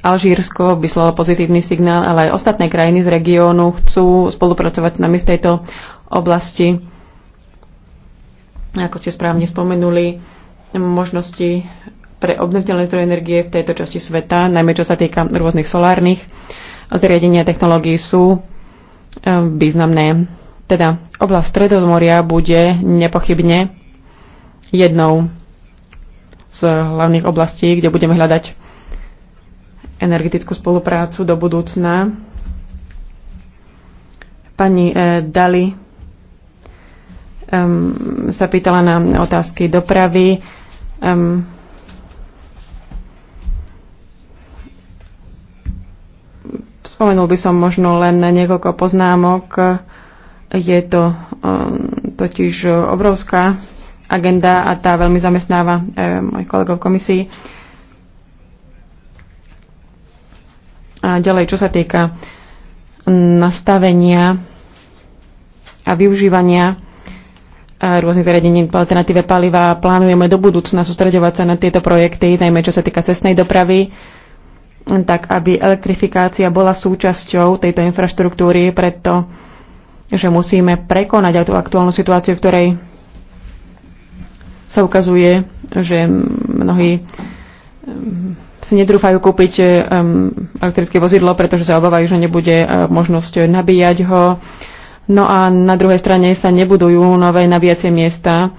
Alžírsko vyslalo pozitívny signál, ale aj ostatné krajiny z regiónu chcú spolupracovať s nami v tejto oblasti. Ako ste správne spomenuli, možnosti pre obnoviteľné zdroje energie v tejto časti sveta, najmä čo sa týka rôznych solárnych zariadenia technológií sú e, významné. Teda oblasť Stredomoria bude nepochybne jednou z hlavných oblastí, kde budeme hľadať energetickú spoluprácu do budúcna. Pani eh, Dali um, sa pýtala na otázky dopravy. Um, spomenul by som možno len niekoľko poznámok. Je to um, totiž obrovská agenda a tá veľmi zamestnáva eh, môj kolegov v komisii. A ďalej, čo sa týka nastavenia a využívania eh, rôznych zariadení alternatíve paliva, plánujeme do budúcna sústredovať sa na tieto projekty, najmä čo sa týka cestnej dopravy, tak aby elektrifikácia bola súčasťou tejto infraštruktúry, preto že musíme prekonať aj tú aktuálnu situáciu, v ktorej sa ukazuje, že mnohí si netrúfajú kúpiť elektrické vozidlo, pretože sa obávajú, že nebude e, možnosť nabíjať ho. No a na druhej strane sa nebudujú nové nabíjacie miesta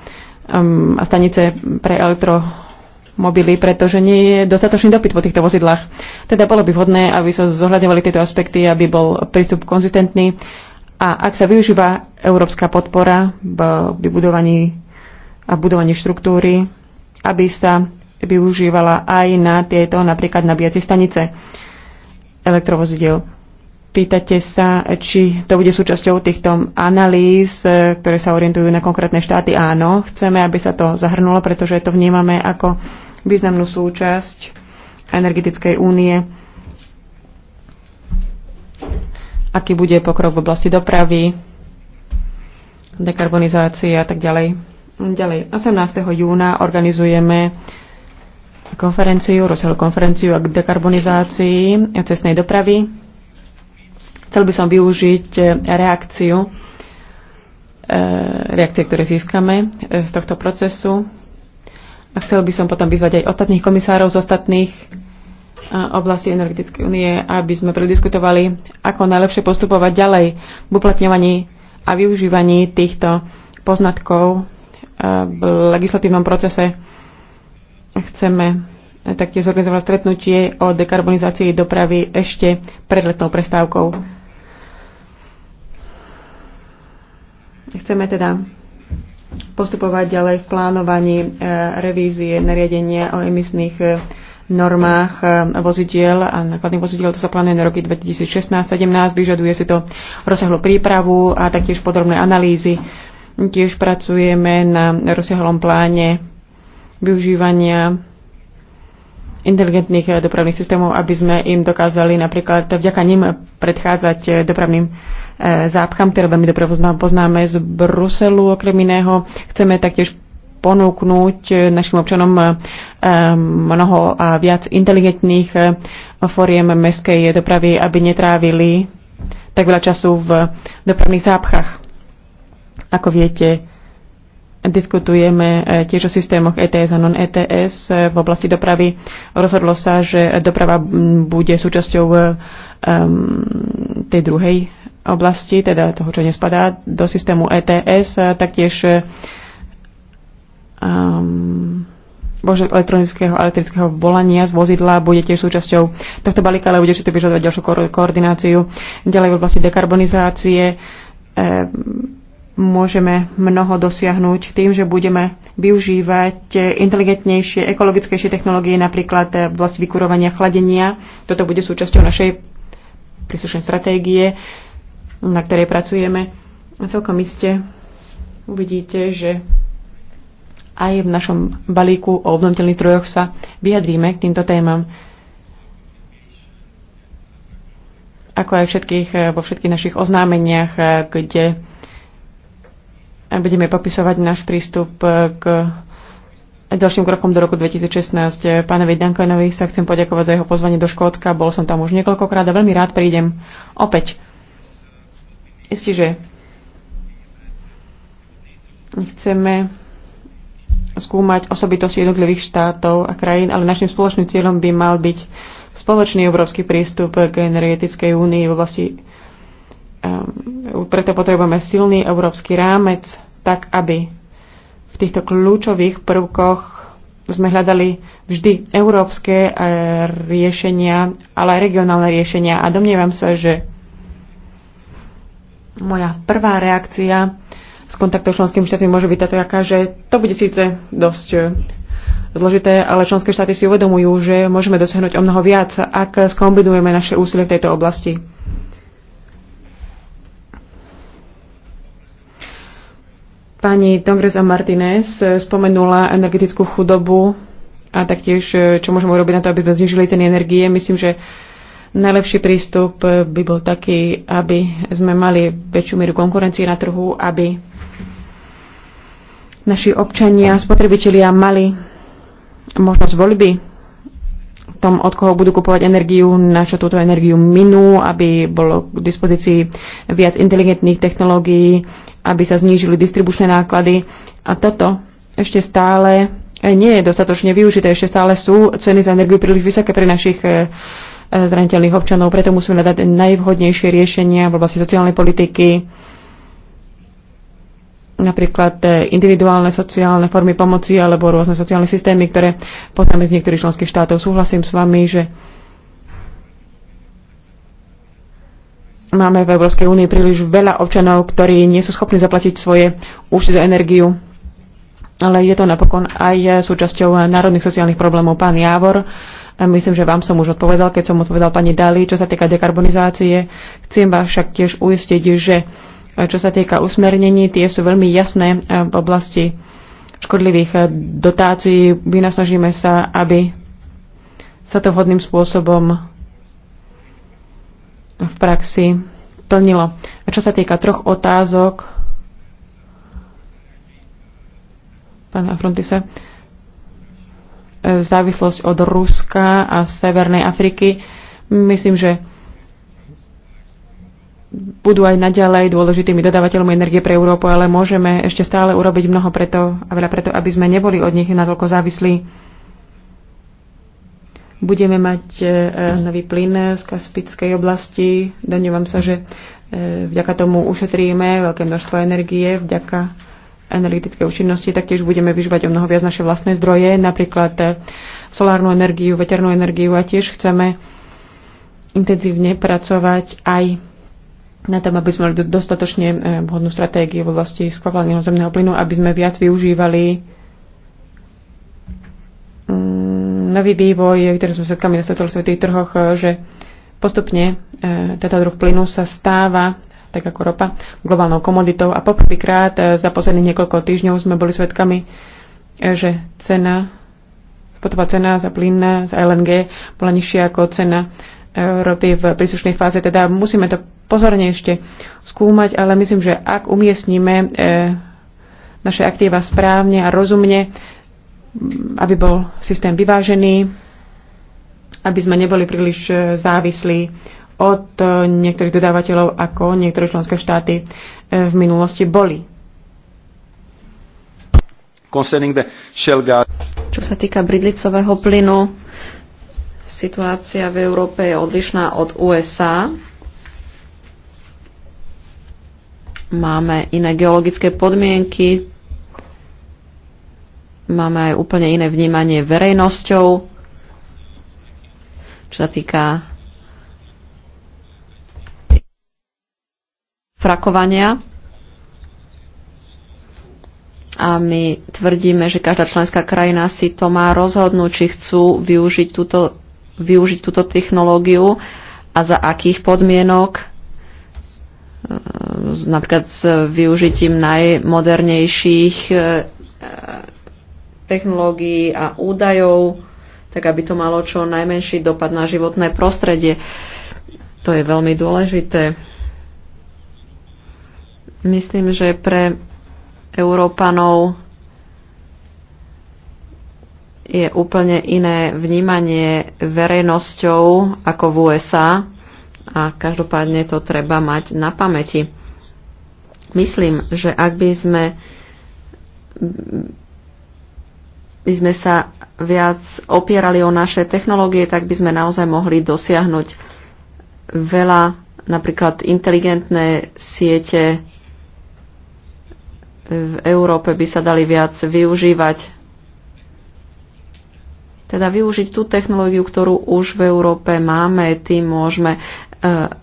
a stanice pre elektromobily, pretože nie je dostatočný dopyt po týchto vozidlách. Teda bolo by vhodné, aby sa zohľadňovali tieto aspekty, aby bol prístup konzistentný a ak sa využíva európska podpora v vybudovaní a budovanie štruktúry, aby sa využívala aj na tieto, napríklad nabíjacie stanice elektrovozidel. Pýtate sa, či to bude súčasťou týchto analýz, e, ktoré sa orientujú na konkrétne štáty. Áno, chceme, aby sa to zahrnulo, pretože to vnímame ako významnú súčasť energetickej únie. Aký bude pokrok v oblasti dopravy, dekarbonizácie a tak ďalej. Ďalej, 18. júna organizujeme konferenciu, rozsiahlu konferenciu k dekarbonizácii cestnej dopravy. Chcel by som využiť e, reakciu, e, reakcie, ktoré získame e, z tohto procesu. A chcel by som potom vyzvať aj ostatných komisárov z ostatných oblasti energetickej únie, aby sme prediskutovali, ako najlepšie postupovať ďalej v uplatňovaní a využívaní týchto poznatkov v legislatívnom procese. Chceme taktiež zorganizovať stretnutie o dekarbonizácii dopravy ešte pred letnou prestávkou. Chceme teda postupovať ďalej v plánovaní e, revízie nariadenia o emisných e, normách e, vozidiel a nákladných vozidiel. To sa plánuje na roky 2016-2017. Vyžaduje si to rozsahlú prípravu a taktiež podrobné analýzy Tiež pracujeme na rozsiahlom pláne využívania inteligentných eh, dopravných systémov, aby sme im dokázali napríklad vďaka nim predchádzať eh, dopravným eh, zápcham, ktoré veľmi dobre poznáme z Bruselu okrem iného. Chceme taktiež ponúknuť našim občanom mnoho a viac inteligentných foriem meskej dopravy, aby netrávili tak veľa času v dopravných zápchach. Ako viete, diskutujeme e, tiež o systémoch ETS a non-ETS e, v oblasti dopravy. Rozhodlo sa, že doprava bude súčasťou um, tej druhej oblasti, teda toho, čo nespadá do systému ETS, taktiež um, elektronického a elektrického volania z vozidla bude tiež súčasťou tohto balíka, ale bude si to vyžadovať ďalšiu ko- koordináciu. Ďalej v oblasti dekarbonizácie um, môžeme mnoho dosiahnuť tým, že budeme využívať inteligentnejšie, ekologickejšie technológie, napríklad v oblasti vykurovania, chladenia. Toto bude súčasťou našej príslušnej stratégie, na ktorej pracujeme. A celkom iste uvidíte, že aj v našom balíku o obnoviteľných trojoch sa vyjadríme k týmto témam. Ako aj všetkých, vo všetkých našich oznámeniach, kde a budeme popisovať náš prístup eh, k ďalším krokom do roku 2016. Eh, pánovi Dankanovi sa chcem poďakovať za jeho pozvanie do Škótska. Bol som tam už niekoľkokrát a veľmi rád prídem opäť. Isté, že chceme skúmať osobitosti jednotlivých štátov a krajín, ale našim spoločným cieľom by mal byť spoločný európsky prístup k energetickej únii v oblasti um, preto potrebujeme silný európsky rámec, tak aby v týchto kľúčových prvkoch sme hľadali vždy európske eh, riešenia, ale aj regionálne riešenia. A domnievam sa, že moja prvá reakcia s kontaktov členským štátmi môže byť taká, že to bude síce dosť eh, zložité, ale členské štáty si uvedomujú, že môžeme dosiahnuť o mnoho viac, ak skombinujeme naše úsilie v tejto oblasti. Pani Dongresa Martinez eh, spomenula energetickú chudobu a taktiež, eh, čo môžeme urobiť na to, aby sme znižili ten energie. Myslím, že najlepší prístup eh, by bol taký, aby sme mali väčšiu mieru konkurencie na trhu, aby naši občania, spotrebitelia mali možnosť voľby v tom, od koho budú kupovať energiu, na čo túto energiu minú, aby bolo k dispozícii viac inteligentných technológií, aby sa znížili distribučné náklady. A toto ešte stále e, nie je dostatočne využité. Ešte stále sú ceny za energiu príliš vysoké pre našich e, e, zraniteľných občanov, preto musíme dať najvhodnejšie riešenia v oblasti sociálnej politiky, napríklad individuálne sociálne formy pomoci alebo rôzne sociálne systémy, ktoré poznáme z niektorých členských štátov. Súhlasím s vami, že Máme v Európskej únii príliš veľa občanov, ktorí nie sú schopní zaplatiť svoje účty za energiu. Ale je to napokon aj súčasťou národných sociálnych problémov. Pán Jávor, myslím, že vám som už odpovedal, keď som odpovedal pani Dali, čo sa týka dekarbonizácie. Chcem vás však tiež uistiť, že čo sa týka usmernení, tie sú veľmi jasné v oblasti škodlivých dotácií. Vynasnažíme sa, aby sa to vhodným spôsobom v praxi plnilo. A čo sa týka troch otázok pána Frontise, závislosť od Ruska a Severnej Afriky, myslím, že budú aj naďalej dôležitými dodávateľmi energie pre Európu, ale môžeme ešte stále urobiť mnoho preto, a veľa preto, aby sme neboli od nich natoľko závislí. Budeme mať e, nový plyn z Kaspickej oblasti. Domnievam sa, že e, vďaka tomu ušetríme veľké množstvo energie, vďaka energetické účinnosti, taktiež budeme vyžívať o mnoho viac naše vlastné zdroje, napríklad e, solárnu energiu, veternú energiu a tiež chceme intenzívne pracovať aj na tom, aby sme mali dostatočne vhodnú stratégiu v oblasti skvapalného zemného plynu, aby sme viac využívali Mm, nový vývoj, ktorý sme svetkami na svetových trhoch, e, že postupne e, tento druh plynu sa stáva tak ako ropa, globálnou komoditou. A poprvýkrát e, za posledných niekoľko týždňov sme boli svedkami, že cena, spotová cena za plyn, za LNG bola nižšia ako cena ropy v príslušnej fáze. Teda musíme to pozorne ešte skúmať, ale myslím, že ak umiestníme naše aktíva správne a rozumne, aby bol systém vyvážený, aby sme neboli príliš e, závislí od e, niektorých dodávateľov, ako niektoré členské štáty e, v minulosti boli. Čo sa týka bridlicového plynu, situácia v Európe je odlišná od USA. Máme iné geologické podmienky, Máme aj úplne iné vnímanie verejnosťou, čo sa týka frakovania. A my tvrdíme, že každá členská krajina si to má rozhodnúť, či chcú využiť túto, využiť túto technológiu a za akých podmienok e, napríklad s využitím najmodernejších e, technológií a údajov, tak aby to malo čo najmenší dopad na životné prostredie. To je veľmi dôležité. Myslím, že pre Európanov je úplne iné vnímanie verejnosťou ako v USA a každopádne to treba mať na pamäti. Myslím, že ak by sme by sme sa viac opierali o naše technológie, tak by sme naozaj mohli dosiahnuť veľa, napríklad inteligentné siete v Európe by sa dali viac využívať. Teda využiť tú technológiu, ktorú už v Európe máme, tým môžeme e,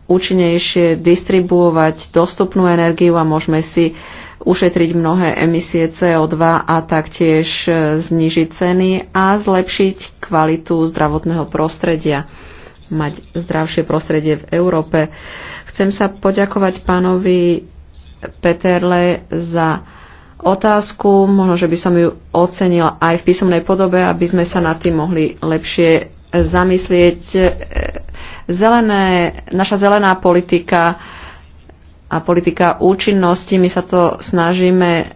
účinnejšie distribuovať dostupnú energiu a môžeme si ušetriť mnohé emisie CO2 a taktiež e, znižiť ceny a zlepšiť kvalitu zdravotného prostredia mať zdravšie prostredie v Európe. Chcem sa poďakovať pánovi Peterle za otázku, možno, že by som ju ocenila aj v písomnej podobe, aby sme sa nad tým mohli lepšie e, zamyslieť. E, zelené, naša zelená politika a politika účinnosti. My sa to snažíme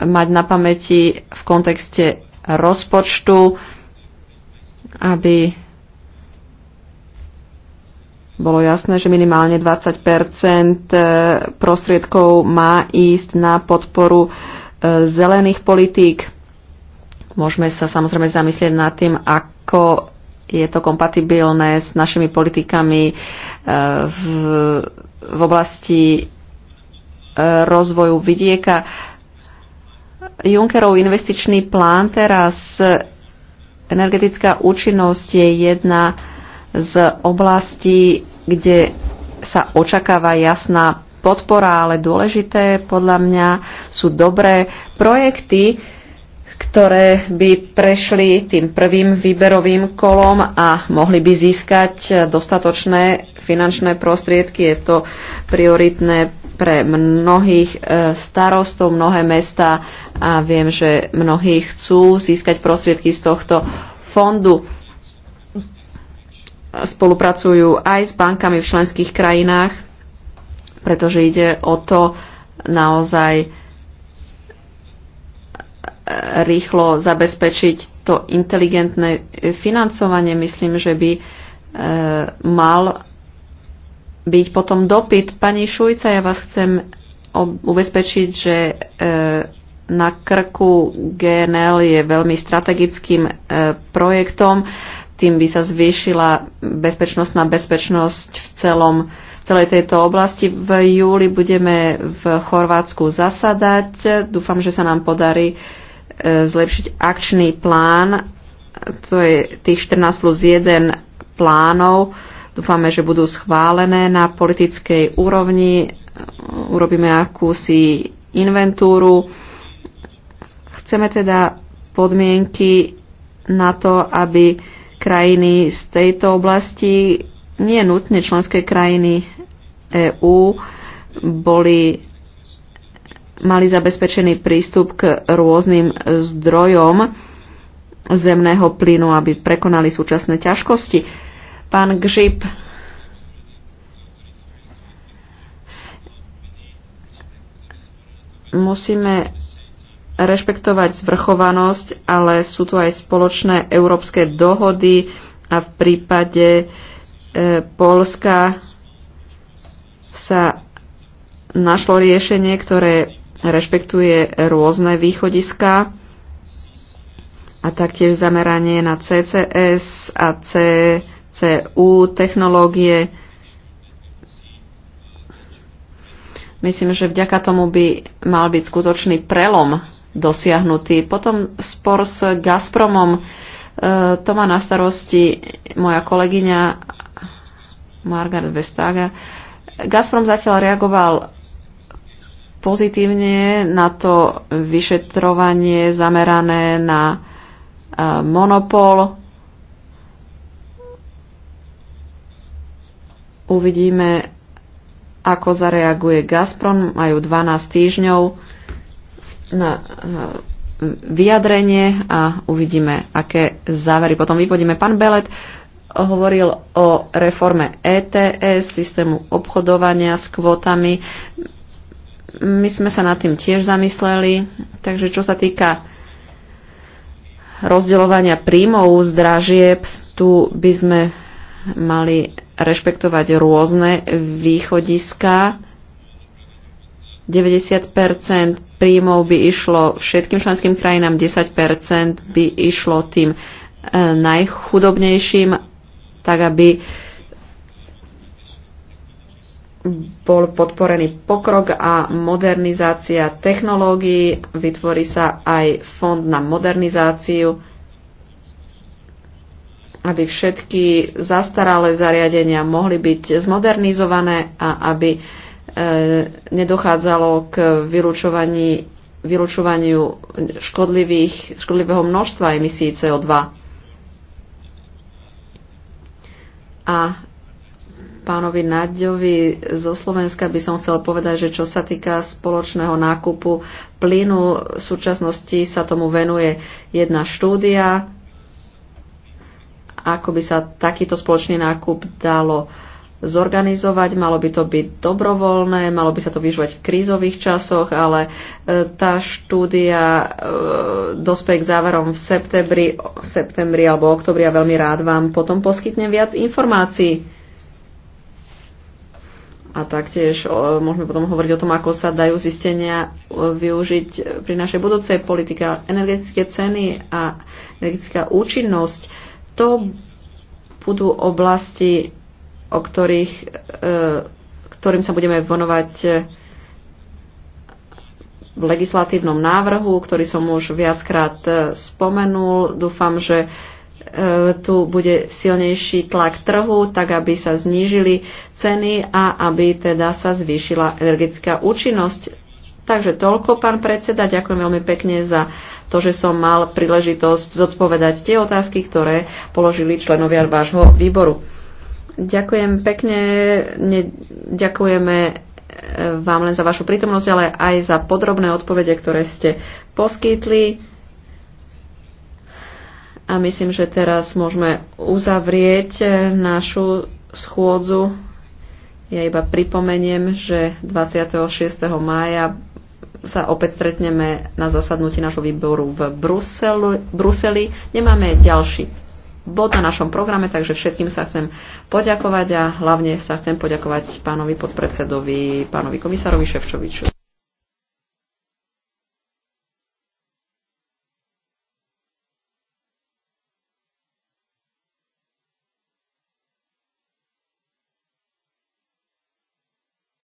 mať na pamäti v kontexte rozpočtu, aby bolo jasné, že minimálne 20 e, prostriedkov má ísť na podporu e, zelených politík. Môžeme sa samozrejme zamyslieť nad tým, ako je to kompatibilné s našimi politikami e, v v oblasti e, rozvoju vidieka. Junckerov investičný plán teraz e, energetická účinnosť je jedna z oblastí, kde sa očakáva jasná podpora, ale dôležité podľa mňa sú dobré projekty, ktoré by prešli tým prvým výberovým kolom a mohli by získať e, dostatočné finančné prostriedky. Je to prioritné pre mnohých e, starostov, mnohé mesta a viem, že mnohí chcú získať prostriedky z tohto fondu. Spolupracujú aj s bankami v členských krajinách, pretože ide o to naozaj e, rýchlo zabezpečiť to inteligentné financovanie. Myslím, že by e, mal byť potom dopyt. Pani Šujca, ja vás chcem ubezpečiť, že e, na krku GNL je veľmi strategickým e, projektom. Tým by sa zvýšila bezpečnostná bezpečnosť v celom celej tejto oblasti. V júli budeme v Chorvátsku zasadať. Dúfam, že sa nám podarí e, zlepšiť akčný plán. To je tých 14 plus 1 plánov Dúfame, že budú schválené na politickej úrovni. Urobíme akúsi inventúru. Chceme teda podmienky na to, aby krajiny z tejto oblasti, nie nutne členské krajiny EÚ, boli, mali zabezpečený prístup k rôznym zdrojom zemného plynu, aby prekonali súčasné ťažkosti. Pán Gžip, musíme rešpektovať zvrchovanosť, ale sú tu aj spoločné európske dohody a v prípade e, Polska sa našlo riešenie, ktoré rešpektuje rôzne východiska a taktiež zameranie na CCS a C CU, technológie. Myslím, že vďaka tomu by mal byť skutočný prelom dosiahnutý. Potom spor s Gazpromom, e, to má na starosti moja kolegyňa Margaret Vestager. Gazprom zatiaľ reagoval pozitívne na to vyšetrovanie zamerané na e, monopol Uvidíme, ako zareaguje Gazprom. Majú 12 týždňov na eh, vyjadrenie a uvidíme, aké závery potom vyvodíme. Pán Belet hovoril o reforme ETS, systému obchodovania s kvotami. My sme sa nad tým tiež zamysleli, takže čo sa týka rozdeľovania príjmov z dražieb, tu by sme mali rešpektovať rôzne východiska. 90 príjmov by išlo všetkým členským krajinám, 10 by išlo tým e, najchudobnejším, tak aby bol podporený pokrok a modernizácia technológií, vytvorí sa aj fond na modernizáciu aby všetky zastaralé zariadenia mohli byť zmodernizované a aby e, nedochádzalo k vylučovaní, vylučovaniu škodlivých, škodlivého množstva emisí CO2. A pánovi Naďovi zo Slovenska by som chcel povedať, že čo sa týka spoločného nákupu plynu, v súčasnosti sa tomu venuje jedna štúdia, ako by sa takýto spoločný nákup dalo zorganizovať, malo by to byť dobrovoľné, malo by sa to vyžívať v krízových časoch, ale e, tá štúdia e, dospeje k záverom v septembri, v septembri alebo oktobri a veľmi rád vám potom poskytnem viac informácií. A taktiež e, môžeme potom hovoriť o tom, ako sa dajú zistenia využiť pri našej budúcej politike energetické ceny a energetická účinnosť to budú oblasti, o ktorých, e, ktorým sa budeme venovať e, v legislatívnom návrhu, ktorý som už viackrát e, spomenul. Dúfam, že tu bude silnejší tlak trhu, tak aby sa znížili ceny a aby teda sa zvýšila energetická účinnosť. Takže toľko, pán predseda. Ďakujem veľmi pekne za to, že som mal príležitosť zodpovedať tie otázky, ktoré položili členovia vášho výboru. Ďakujem pekne, ne, ďakujeme e, vám len za vašu prítomnosť, ale aj za podrobné odpovede, ktoré ste poskytli. A myslím, že teraz môžeme uzavrieť e, našu schôdzu. Ja iba pripomeniem, že 26. mája sa opäť stretneme na zasadnutí našho výboru v Bruselu, Bruseli. Nemáme ďalší bod na našom programe, takže všetkým sa chcem poďakovať a hlavne sa chcem poďakovať pánovi podpredsedovi, pánovi komisárovi Ševčoviču.